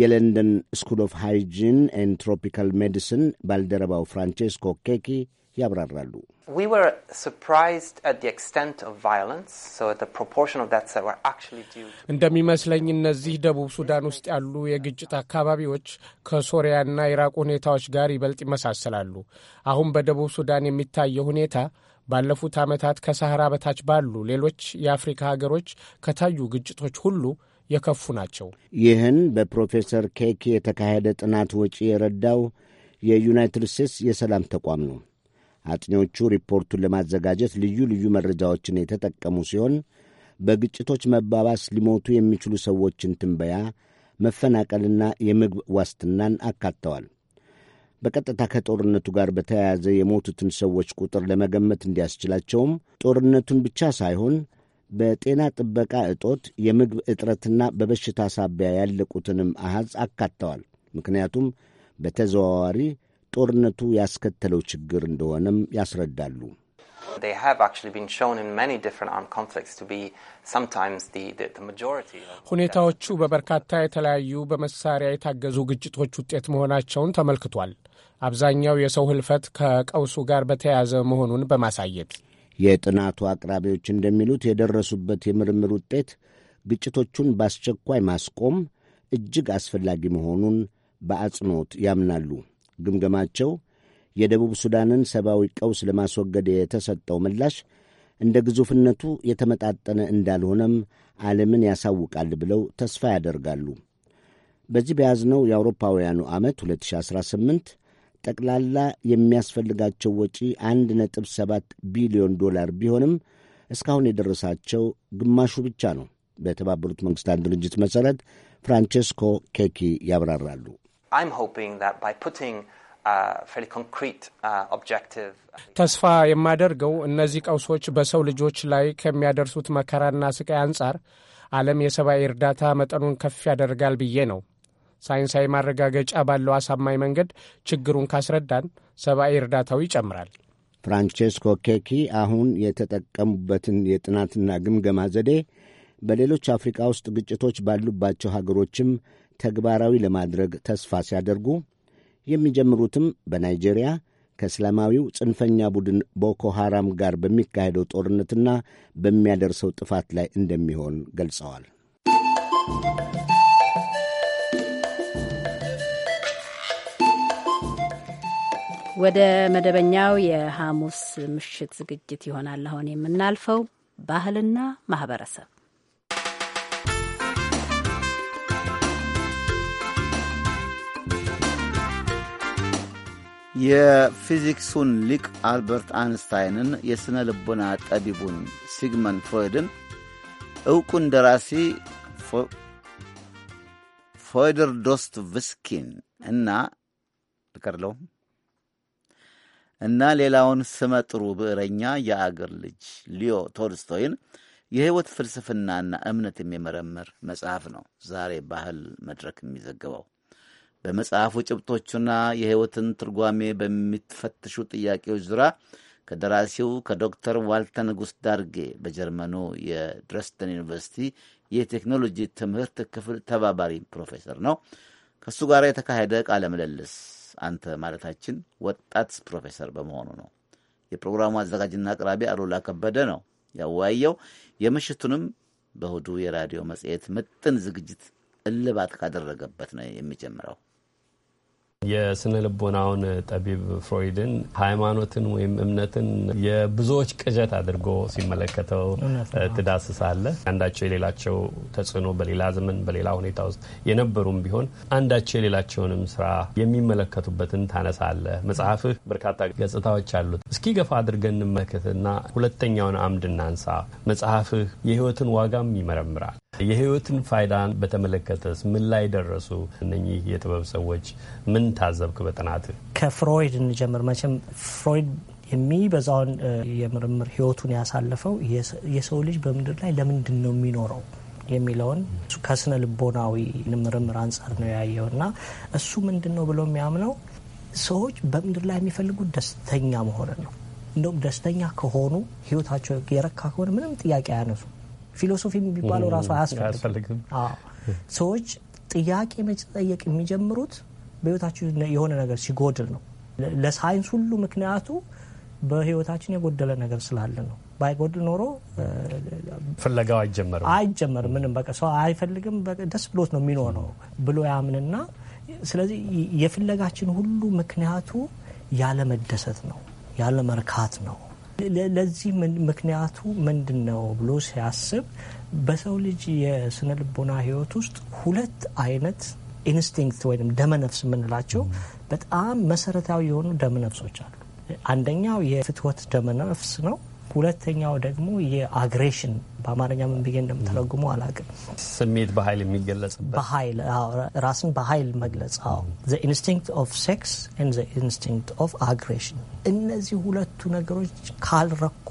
የለንደን ስኩል ኦፍ ሃይጂን ኤንድ ትሮፒካል ሜዲሲን ባልደረባው ፍራንቼስኮ ኬኪ ያብራራሉ። እንደሚመስለኝ እነዚህ ደቡብ ሱዳን ውስጥ ያሉ የግጭት አካባቢዎች ከሶሪያና ኢራቅ ሁኔታዎች ጋር ይበልጥ ይመሳሰላሉ። አሁን በደቡብ ሱዳን የሚታየው ሁኔታ ባለፉት ዓመታት ከሰሐራ በታች ባሉ ሌሎች የአፍሪካ ሀገሮች ከታዩ ግጭቶች ሁሉ የከፉ ናቸው። ይህን በፕሮፌሰር ኬክ የተካሄደ ጥናት ወጪ የረዳው የዩናይትድ ስቴትስ የሰላም ተቋም ነው። አጥኚዎቹ ሪፖርቱን ለማዘጋጀት ልዩ ልዩ መረጃዎችን የተጠቀሙ ሲሆን በግጭቶች መባባስ ሊሞቱ የሚችሉ ሰዎችን ትንበያ፣ መፈናቀልና የምግብ ዋስትናን አካተዋል። በቀጥታ ከጦርነቱ ጋር በተያያዘ የሞቱትን ሰዎች ቁጥር ለመገመት እንዲያስችላቸውም ጦርነቱን ብቻ ሳይሆን በጤና ጥበቃ እጦት፣ የምግብ እጥረትና በበሽታ ሳቢያ ያለቁትንም አሃዝ አካተዋል። ምክንያቱም በተዘዋዋሪ ጦርነቱ ያስከተለው ችግር እንደሆነም ያስረዳሉ። ሁኔታዎቹ በበርካታ የተለያዩ በመሳሪያ የታገዙ ግጭቶች ውጤት መሆናቸውን ተመልክቷል። አብዛኛው የሰው ህልፈት ከቀውሱ ጋር በተያያዘ መሆኑን በማሳየት የጥናቱ አቅራቢዎች እንደሚሉት የደረሱበት የምርምር ውጤት ግጭቶቹን በአስቸኳይ ማስቆም እጅግ አስፈላጊ መሆኑን በአጽንኦት ያምናሉ። ግምገማቸው የደቡብ ሱዳንን ሰብአዊ ቀውስ ለማስወገድ የተሰጠው ምላሽ እንደ ግዙፍነቱ የተመጣጠነ እንዳልሆነም ዓለምን ያሳውቃል ብለው ተስፋ ያደርጋሉ። በዚህ በያዝነው የአውሮፓውያኑ ዓመት 2018 ጠቅላላ የሚያስፈልጋቸው ወጪ 1.7 ቢሊዮን ዶላር ቢሆንም እስካሁን የደረሳቸው ግማሹ ብቻ ነው። በተባበሩት መንግሥታት ድርጅት መሠረት ፍራንቼስኮ ኬኪ ያብራራሉ። Uh, uh, ተስፋ የማደርገው እነዚህ ቀውሶች በሰው ልጆች ላይ ከሚያደርሱት መከራና ስቃይ አንጻር ዓለም የሰብአዊ እርዳታ መጠኑን ከፍ ያደርጋል ብዬ ነው። ሳይንሳዊ ማረጋገጫ ባለው አሳማኝ መንገድ ችግሩን ካስረዳን ሰብአዊ እርዳታው ይጨምራል። ፍራንቼስኮ ኬኪ አሁን የተጠቀሙበትን የጥናትና ግምገማ ዘዴ በሌሎች አፍሪካ ውስጥ ግጭቶች ባሉባቸው ሀገሮችም ተግባራዊ ለማድረግ ተስፋ ሲያደርጉ የሚጀምሩትም በናይጄሪያ ከእስላማዊው ጽንፈኛ ቡድን ቦኮ ሐራም ጋር በሚካሄደው ጦርነትና በሚያደርሰው ጥፋት ላይ እንደሚሆን ገልጸዋል። ወደ መደበኛው የሐሙስ ምሽት ዝግጅት ይሆናል አሁን የምናልፈው ባህልና ማህበረሰብ የፊዚክሱን ሊቅ አልበርት አንስታይንን የሥነ ልቦና ጠቢቡን ሲግመን ፍሮይድን ዕውቁን ደራሲ ፎይደር ቭስኪን እና ልቀርለው እና ሌላውን ስመ ጥሩ ብዕረኛ የአገር ልጅ ሊዮ ቶልስቶይን የሕይወት ፍልስፍናና እምነት የሚመረምር መጽሐፍ ነው ዛሬ ባህል መድረክ የሚዘግበው። በመጽሐፉ ጭብጦቹና የሕይወትን ትርጓሜ በሚፈትሹ ጥያቄዎች ዙሪያ ከደራሲው ከዶክተር ዋልተ ንጉሥ ዳርጌ በጀርመኑ የድረስተን ዩኒቨርሲቲ የቴክኖሎጂ ትምህርት ክፍል ተባባሪ ፕሮፌሰር ነው። ከእሱ ጋር የተካሄደ ቃለ ምልልስ አንተ ማለታችን ወጣት ፕሮፌሰር በመሆኑ ነው። የፕሮግራሙ አዘጋጅና አቅራቢ አሉላ ከበደ ነው ያወያየው። የምሽቱንም በእሁዱ የራዲዮ መጽሔት ምጥን ዝግጅት እልባት ካደረገበት ነው የሚጀምረው። የስነ ልቦናውን ጠቢብ ፍሮይድን ሃይማኖትን ወይም እምነትን የብዙዎች ቅዠት አድርጎ ሲመለከተው ትዳስሳለ። አንዳቸው የሌላቸው ተጽዕኖ በሌላ ዘመን በሌላ ሁኔታ ውስጥ የነበሩም ቢሆን አንዳቸው የሌላቸውንም ስራ የሚመለከቱበትን ታነሳለ መጽሐፍህ በርካታ ገጽታዎች አሉት። እስኪ ገፋ አድርገን እንመለከትና ሁለተኛውን አምድ እናንሳ። መጽሐፍህ የህይወትን ዋጋም ይመረምራል። የህይወትን ፋይዳን በተመለከተስ ምን ላይ ደረሱ እነኚህ የጥበብ ሰዎች ምን ታዘብክ በጥናት? ከፍሮይድ እንጀምር። መቼም ፍሮይድ የሚበዛውን የምርምር ህይወቱን ያሳለፈው የሰው ልጅ በምድር ላይ ለምንድን ነው የሚኖረው የሚለውን ከስነ ልቦናዊ ምርምር አንጻር ነው ያየው እና እሱ ምንድን ነው ብሎ የሚያምነው ሰዎች በምድር ላይ የሚፈልጉት ደስተኛ መሆንን ነው። እንደውም ደስተኛ ከሆኑ ህይወታቸው የረካ ከሆነ ምንም ጥያቄ አያነሱ። ፊሎሶፊ የሚባለው ራሱ አያስፈልግም። ሰዎች ጥያቄ መጠየቅ የሚጀምሩት በህይወታችን የሆነ ነገር ሲጎድል ነው። ለሳይንስ ሁሉ ምክንያቱ በህይወታችን የጎደለ ነገር ስላለ ነው። ባይጎድል ኖሮ ፍለጋው አይጀመርም አይጀመርም። ምንም በቃ ሰው አይፈልግም። ደስ ብሎት ነው የሚኖረው ብሎ ያምንና ስለዚህ የፍለጋችን ሁሉ ምክንያቱ ያለ መደሰት ነው፣ ያለ መርካት ነው። ለዚህ ምክንያቱ ምንድን ነው ብሎ ሲያስብ በሰው ልጅ የስነ ልቦና ህይወት ውስጥ ሁለት አይነት ኢንስቲንክት ወይም ደመነፍስ የምንላቸው በጣም መሰረታዊ የሆኑ ደመነፍሶች አሉ። አንደኛው የፍትወት ደመነፍስ ነው። ሁለተኛው ደግሞ የአግሬሽን በአማርኛ ምን ብዬ እንደምተረጉሙ አላውቅም። ስሜት በኃይል የሚገለጽበት በኃይል ራስን በኃይል መግለጽ ዘ ኢንስቲንክት ኦፍ ሴክስ ኤንድ ዘ ኢንስቲንክት ኦፍ አግሬሽን። እነዚህ ሁለቱ ነገሮች ካልረኩ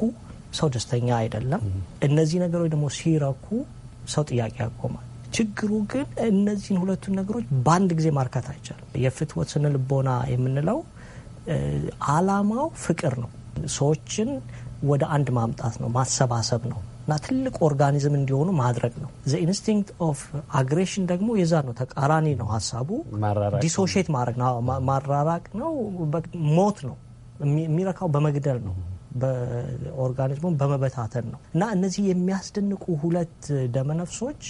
ሰው ደስተኛ አይደለም። እነዚህ ነገሮች ደግሞ ሲረኩ ሰው ጥያቄ ያቆማል። ችግሩ ግን እነዚህን ሁለቱን ነገሮች በአንድ ጊዜ ማርካት አይቻልም። የፍትወት ስነልቦና የምንለው አላማው ፍቅር ነው። ሰዎችን ወደ አንድ ማምጣት ነው፣ ማሰባሰብ ነው እና ትልቅ ኦርጋኒዝም እንዲሆኑ ማድረግ ነው። ዘ ኢንስቲንክት ኦፍ አግሬሽን ደግሞ የዛ ነው፣ ተቃራኒ ነው። ሀሳቡ ዲሶሼት ማድረግ ነው፣ ማራራቅ ነው፣ ሞት ነው። የሚረካው በመግደል ነው። በኦርጋኒዝሙን በመበታተን ነው እና እነዚህ የሚያስደንቁ ሁለት ደመነፍሶች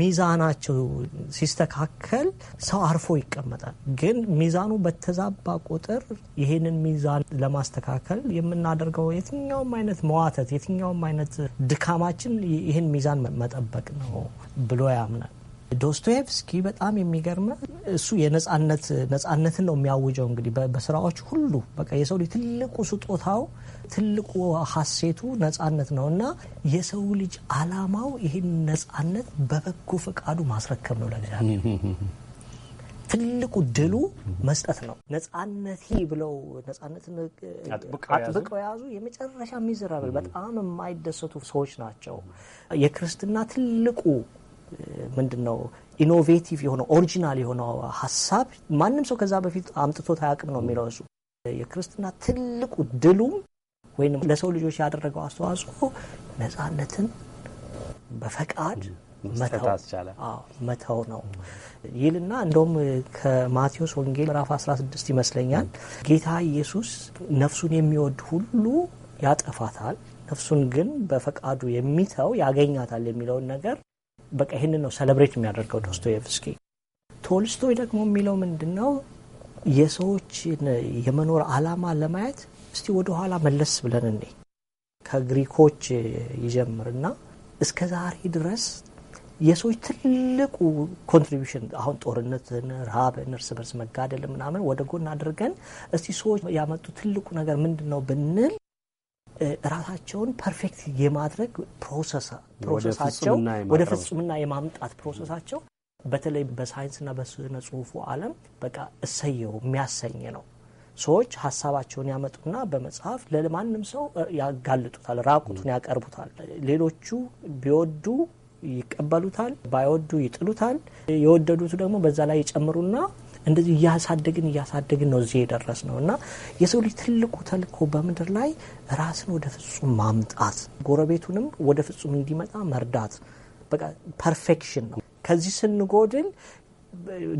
ሚዛናቸው ሲስተካከል ሰው አርፎ ይቀመጣል። ግን ሚዛኑ በተዛባ ቁጥር ይህንን ሚዛን ለማስተካከል የምናደርገው የትኛውም አይነት መዋተት፣ የትኛውም አይነት ድካማችን ይህን ሚዛን መጠበቅ ነው ብሎ ያምናል። ዶስቶየቭስኪ በጣም የሚገርመ እሱ የነጻነት ነጻነትን ነው የሚያውጀው። እንግዲህ በስራዎች ሁሉ በቃ የሰው ልጅ ትልቁ ስጦታው ትልቁ ሀሴቱ ነጻነት ነው እና የሰው ልጅ አላማው ይህን ነጻነት በበጎ ፈቃዱ ማስረከብ ነው ለእግዚአብሔር ትልቁ ድሉ መስጠት ነው። ነጻነቴ ብለው ነጻነትን አጥብቀው የያዙ የመጨረሻ ሚዘራብል በጣም የማይደሰቱ ሰዎች ናቸው። የክርስትና ትልቁ ምንድን ነው ኢኖቬቲቭ የሆነ ኦሪጂናል የሆነ ሀሳብ ማንም ሰው ከዛ በፊት አምጥቶት ታያቅም ነው የሚለው እሱ። የክርስትና ትልቁ ድሉም ወይም ለሰው ልጆች ያደረገው አስተዋጽኦ ነጻነትን በፈቃድ መተው ነው ይልና እንደውም ከማቴዎስ ወንጌል ምዕራፍ 16 ይመስለኛል ጌታ ኢየሱስ ነፍሱን የሚወድ ሁሉ ያጠፋታል፣ ነፍሱን ግን በፈቃዱ የሚተው ያገኛታል የሚለውን ነገር በቃ ይህን ነው ሰለብሬት የሚያደርገው ዶስቶየቭስኪ። ቶልስቶይ ደግሞ የሚለው ምንድን ነው? የሰዎችን የመኖር አላማ ለማየት እስቲ ወደኋላ መለስ ብለን እኔ ከግሪኮች ይጀምርና እስከ ዛሬ ድረስ የሰዎች ትልቁ ኮንትሪቢሽን አሁን ጦርነትን፣ ረሃብን፣ እርስ በርስ መጋደል ምናምን ወደ ጎን አድርገን እስቲ ሰዎች ያመጡ ትልቁ ነገር ምንድን ነው ብንል ራሳቸውን ፐርፌክት የማድረግ ፕሮሰሳቸው ወደ ፍጹምና የማምጣት ፕሮሰሳቸው በተለይ በሳይንስና በስነ ጽሁፉ ዓለም በቃ እሰየው የሚያሰኝ ነው። ሰዎች ሀሳባቸውን ያመጡና በመጽሐፍ ለማንም ሰው ያጋልጡታል፣ ራቁቱን ያቀርቡታል። ሌሎቹ ቢወዱ ይቀበሉታል፣ ባይወዱ ይጥሉታል። የወደዱት ደግሞ በዛ ላይ ይጨምሩና እንደዚህ እያሳደግን እያሳደግን ነው እዚህ የደረስ ነው እና የሰው ልጅ ትልቁ ተልእኮ በምድር ላይ ራስን ወደ ፍጹም ማምጣት፣ ጎረቤቱንም ወደ ፍጹም እንዲመጣ መርዳት፣ በቃ ፐርፌክሽን ነው። ከዚህ ስንጎድል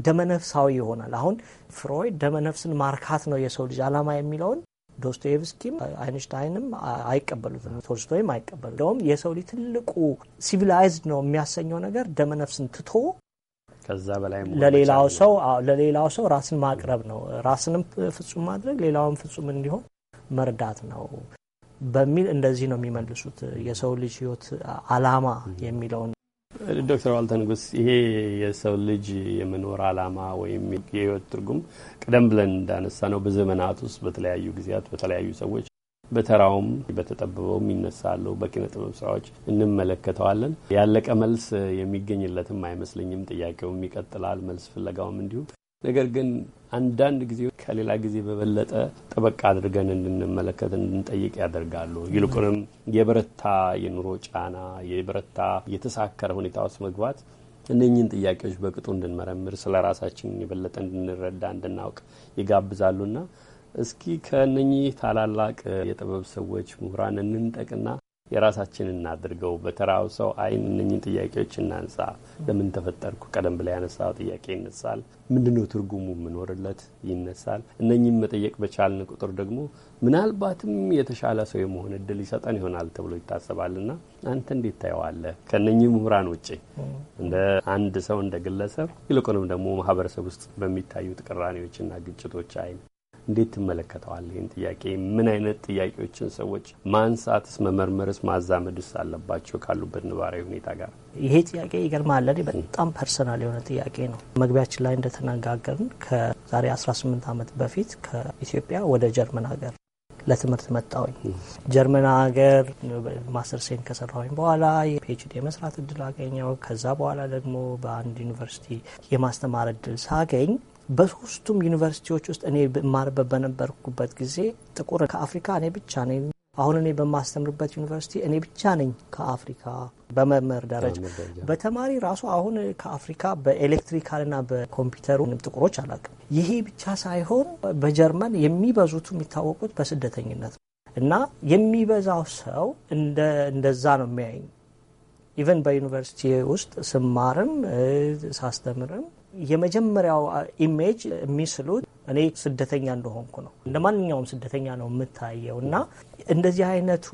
ደመነፍሳዊ ይሆናል። አሁን ፍሮይድ ደመነፍስን ማርካት ነው የሰው ልጅ አላማ የሚለውን ዶስቶኤቭስኪም አይንሽታይንም አይቀበሉትም፣ ቶልስቶይም አይቀበሉ። እንደውም የሰው ልጅ ትልቁ ሲቪላይዝድ ነው የሚያሰኘው ነገር ደመነፍስን ትቶ ለሌላው ሰው ለሌላው ሰው ራስን ማቅረብ ነው። ራስንም ፍጹም ማድረግ ሌላውን ፍጹም እንዲሆን መርዳት ነው በሚል እንደዚህ ነው የሚመልሱት የሰው ልጅ ህይወት አላማ የሚለውን ዶክተር ዋልተ ንጉስ ይሄ የሰው ልጅ የመኖር አላማ ወይም የህይወት ትርጉም ቀደም ብለን እንዳነሳ ነው በዘመናት ውስጥ በተለያዩ ጊዜያት በተለያዩ ሰዎች በተራውም በተጠበበውም ይነሳሉ። በኪነ ጥበብ ስራዎች እንመለከተዋለን። ያለቀ መልስ የሚገኝለትም አይመስለኝም። ጥያቄውም ይቀጥላል፣ መልስ ፍለጋውም እንዲሁም። ነገር ግን አንዳንድ ጊዜ ከሌላ ጊዜ በበለጠ ጥበቅ አድርገን እንድንመለከት እንድንጠይቅ ያደርጋሉ። ይልቁንም የበረታ የኑሮ ጫና፣ የበረታ የተሳከረ ሁኔታ ውስጥ መግባት እነኝን ጥያቄዎች በቅጡ እንድንመረምር ስለ ራሳችን የበለጠ እንድንረዳ እንድናውቅ ይጋብዛሉና እስኪ ከእነኚህ ታላላቅ የጥበብ ሰዎች ምሁራን እንንጠቅና የራሳችን እናድርገው። በተራው ሰው አይን እነኝን ጥያቄዎች እናንሳ። ለምን ተፈጠርኩ? ቀደም ብላ ያነሳው ጥያቄ ይነሳል። ምንድነው ትርጉሙ? የምኖርለት ይነሳል። እነኝም መጠየቅ በቻልን ቁጥር ደግሞ ምናልባትም የተሻለ ሰው የመሆን እድል ይሰጠን ይሆናል ተብሎ ይታሰባልና አንተ እንዴት ታየዋለህ? ከእነኚህ ምሁራን ውጭ እንደ አንድ ሰው እንደ ግለሰብ ይልቁንም ደግሞ ማህበረሰብ ውስጥ በሚታዩ ጥቅራኔዎችና ግጭቶች አይን እንዴት ትመለከተዋል? ይህን ጥያቄ ምን አይነት ጥያቄዎችን ሰዎች ማንሳትስ፣ መመርመርስ፣ ማዛመድስ አለባቸው ካሉበት ንባራዊ ሁኔታ ጋር? ይሄ ጥያቄ ይገርማል። እኔ በጣም ፐርሰናል የሆነ ጥያቄ ነው። መግቢያችን ላይ እንደተነጋገርን ከዛሬ 18 ዓመት በፊት ከኢትዮጵያ ወደ ጀርመን ሀገር ለትምህርት መጣሁኝ። ጀርመን ሀገር ሴን ከሰራሁኝ በኋላ የፒኤችዲ የመስራት እድል አገኘው። ከዛ በኋላ ደግሞ በአንድ ዩኒቨርሲቲ የማስተማር እድል ሳገኝ በሶስቱም ዩኒቨርሲቲዎች ውስጥ እኔ ማርበት በነበርኩበት ጊዜ ጥቁር ከአፍሪካ እኔ ብቻ ነኝ። አሁን እኔ በማስተምርበት ዩኒቨርሲቲ እኔ ብቻ ነኝ ከአፍሪካ በመምህር ደረጃ በተማሪ ራሱ አሁን ከአፍሪካ በኤሌክትሪካልና በኮምፒውተሩ ጥቁሮች አላውቅም። ይሄ ብቻ ሳይሆን በጀርመን የሚበዙት የሚታወቁት በስደተኝነት ነው እና የሚበዛው ሰው እንደዛ ነው የሚያይኝ ኢቨን በዩኒቨርሲቲ ውስጥ ስማርም ሳስተምርም የመጀመሪያው ኢሜጅ የሚስሉት እኔ ስደተኛ እንደሆንኩ ነው። እንደ ማንኛውም ስደተኛ ነው የምታየው እና እንደዚህ አይነቱ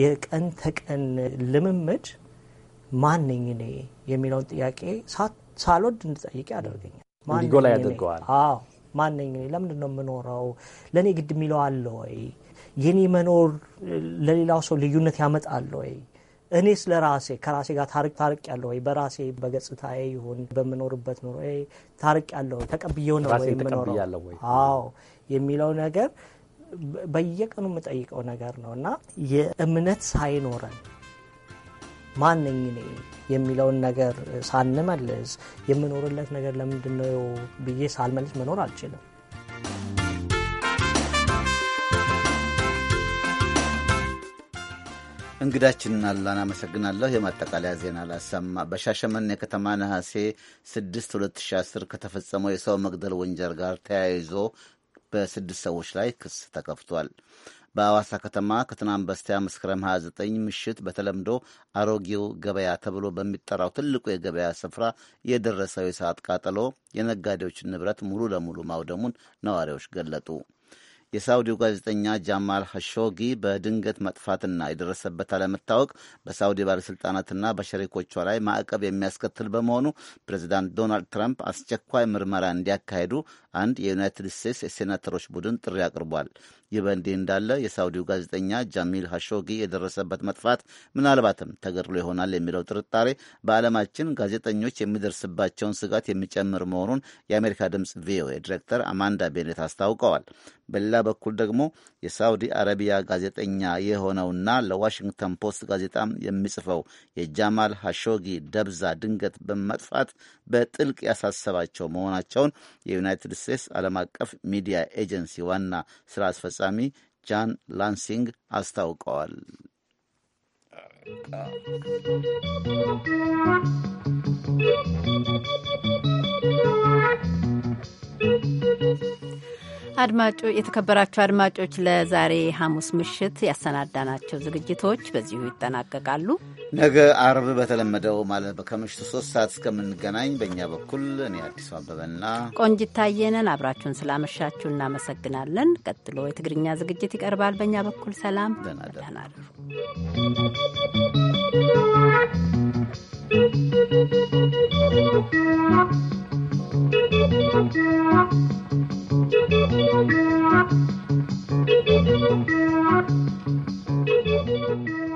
የቀን ተቀን ልምምድ ማንኝ እኔ የሚለውን ጥያቄ ሳልወድ እንድጠይቅ ያደርገኛል። ያደርገዋል። አዎ ማንኝ እኔ ለምንድን ነው የምኖረው? ለእኔ ግድ የሚለው አለ ወይ? የኔ መኖር ለሌላው ሰው ልዩነት ያመጣል ወይ? እኔ ስለ ራሴ ከራሴ ጋር ታርቅ ታርቅ ያለሁ ወይ በራሴ በገጽታዬ ይሁን በምኖርበት ኑሮ ታርቅ ያለሁ ተቀብዬው ነው ወይ የምኖረው? አዎ የሚለው ነገር በየቀኑ የምጠይቀው ነገር ነው እና የእምነት ሳይኖረን ማነኝ እኔ የሚለውን ነገር ሳንመልስ የምኖርለት ነገር ለምንድነው ብዬ ሳልመልስ መኖር አልችልም። እንግዳችንን አመሰግናለሁ። የማጠቃለያ ዜና ላሰማ። በሻሸመኔ ከተማ ነሐሴ 6 2010 ከተፈጸመው የሰው መግደል ወንጀል ጋር ተያይዞ በስድስት ሰዎች ላይ ክስ ተከፍቷል። በአዋሳ ከተማ ከትናንት በስቲያ መስከረም 29 ምሽት በተለምዶ አሮጌው ገበያ ተብሎ በሚጠራው ትልቁ የገበያ ስፍራ የደረሰው የሰዓት ቃጠሎ የነጋዴዎችን ንብረት ሙሉ ለሙሉ ማውደሙን ነዋሪዎች ገለጡ። የሳውዲው ጋዜጠኛ ጃማል ሐሾጊ በድንገት መጥፋትና የደረሰበት አለመታወቅ በሳውዲ ባለሥልጣናትና በሸሪኮቿ ላይ ማዕቀብ የሚያስከትል በመሆኑ ፕሬዚዳንት ዶናልድ ትራምፕ አስቸኳይ ምርመራ እንዲያካሄዱ አንድ የዩናይትድ ስቴትስ የሴናተሮች ቡድን ጥሪ አቅርቧል። ይህ በእንዲህ እንዳለ የሳውዲው ጋዜጠኛ ጃሚል ሀሾጊ የደረሰበት መጥፋት ምናልባትም ተገድሎ ይሆናል የሚለው ጥርጣሬ በዓለማችን ጋዜጠኞች የሚደርስባቸውን ስጋት የሚጨምር መሆኑን የአሜሪካ ድምፅ ቪኦኤ ዲሬክተር አማንዳ ቤኔት አስታውቀዋል። በሌላ በኩል ደግሞ የሳውዲ አረቢያ ጋዜጠኛ የሆነውና ለዋሽንግተን ፖስት ጋዜጣም የሚጽፈው የጃማል ሀሾጊ ደብዛ ድንገት በመጥፋት በጥልቅ ያሳሰባቸው መሆናቸውን የዩናይትድ ስቴትስ ዓለም አቀፍ ሚዲያ ኤጀንሲ ዋና ስራ አስፈጻሚ አስፈጻሚ ጃን ላንሲንግ አስታውቀዋል። አድማጮ የተከበራቸው አድማጮች ለዛሬ ሐሙስ ምሽት ያሰናዳናቸው ዝግጅቶች በዚሁ ይጠናቀቃሉ። ነገ አርብ በተለመደው ማለት ከምሽቱ ሶስት ሰዓት እስከምንገናኝ በእኛ በኩል እኔ አዲሱ አበበና ቆንጂት ታየነን አብራችሁን ስላመሻችሁ እናመሰግናለን። ቀጥሎ የትግርኛ ዝግጅት ይቀርባል። በእኛ በኩል ሰላም፣ ደህና you. Thank you.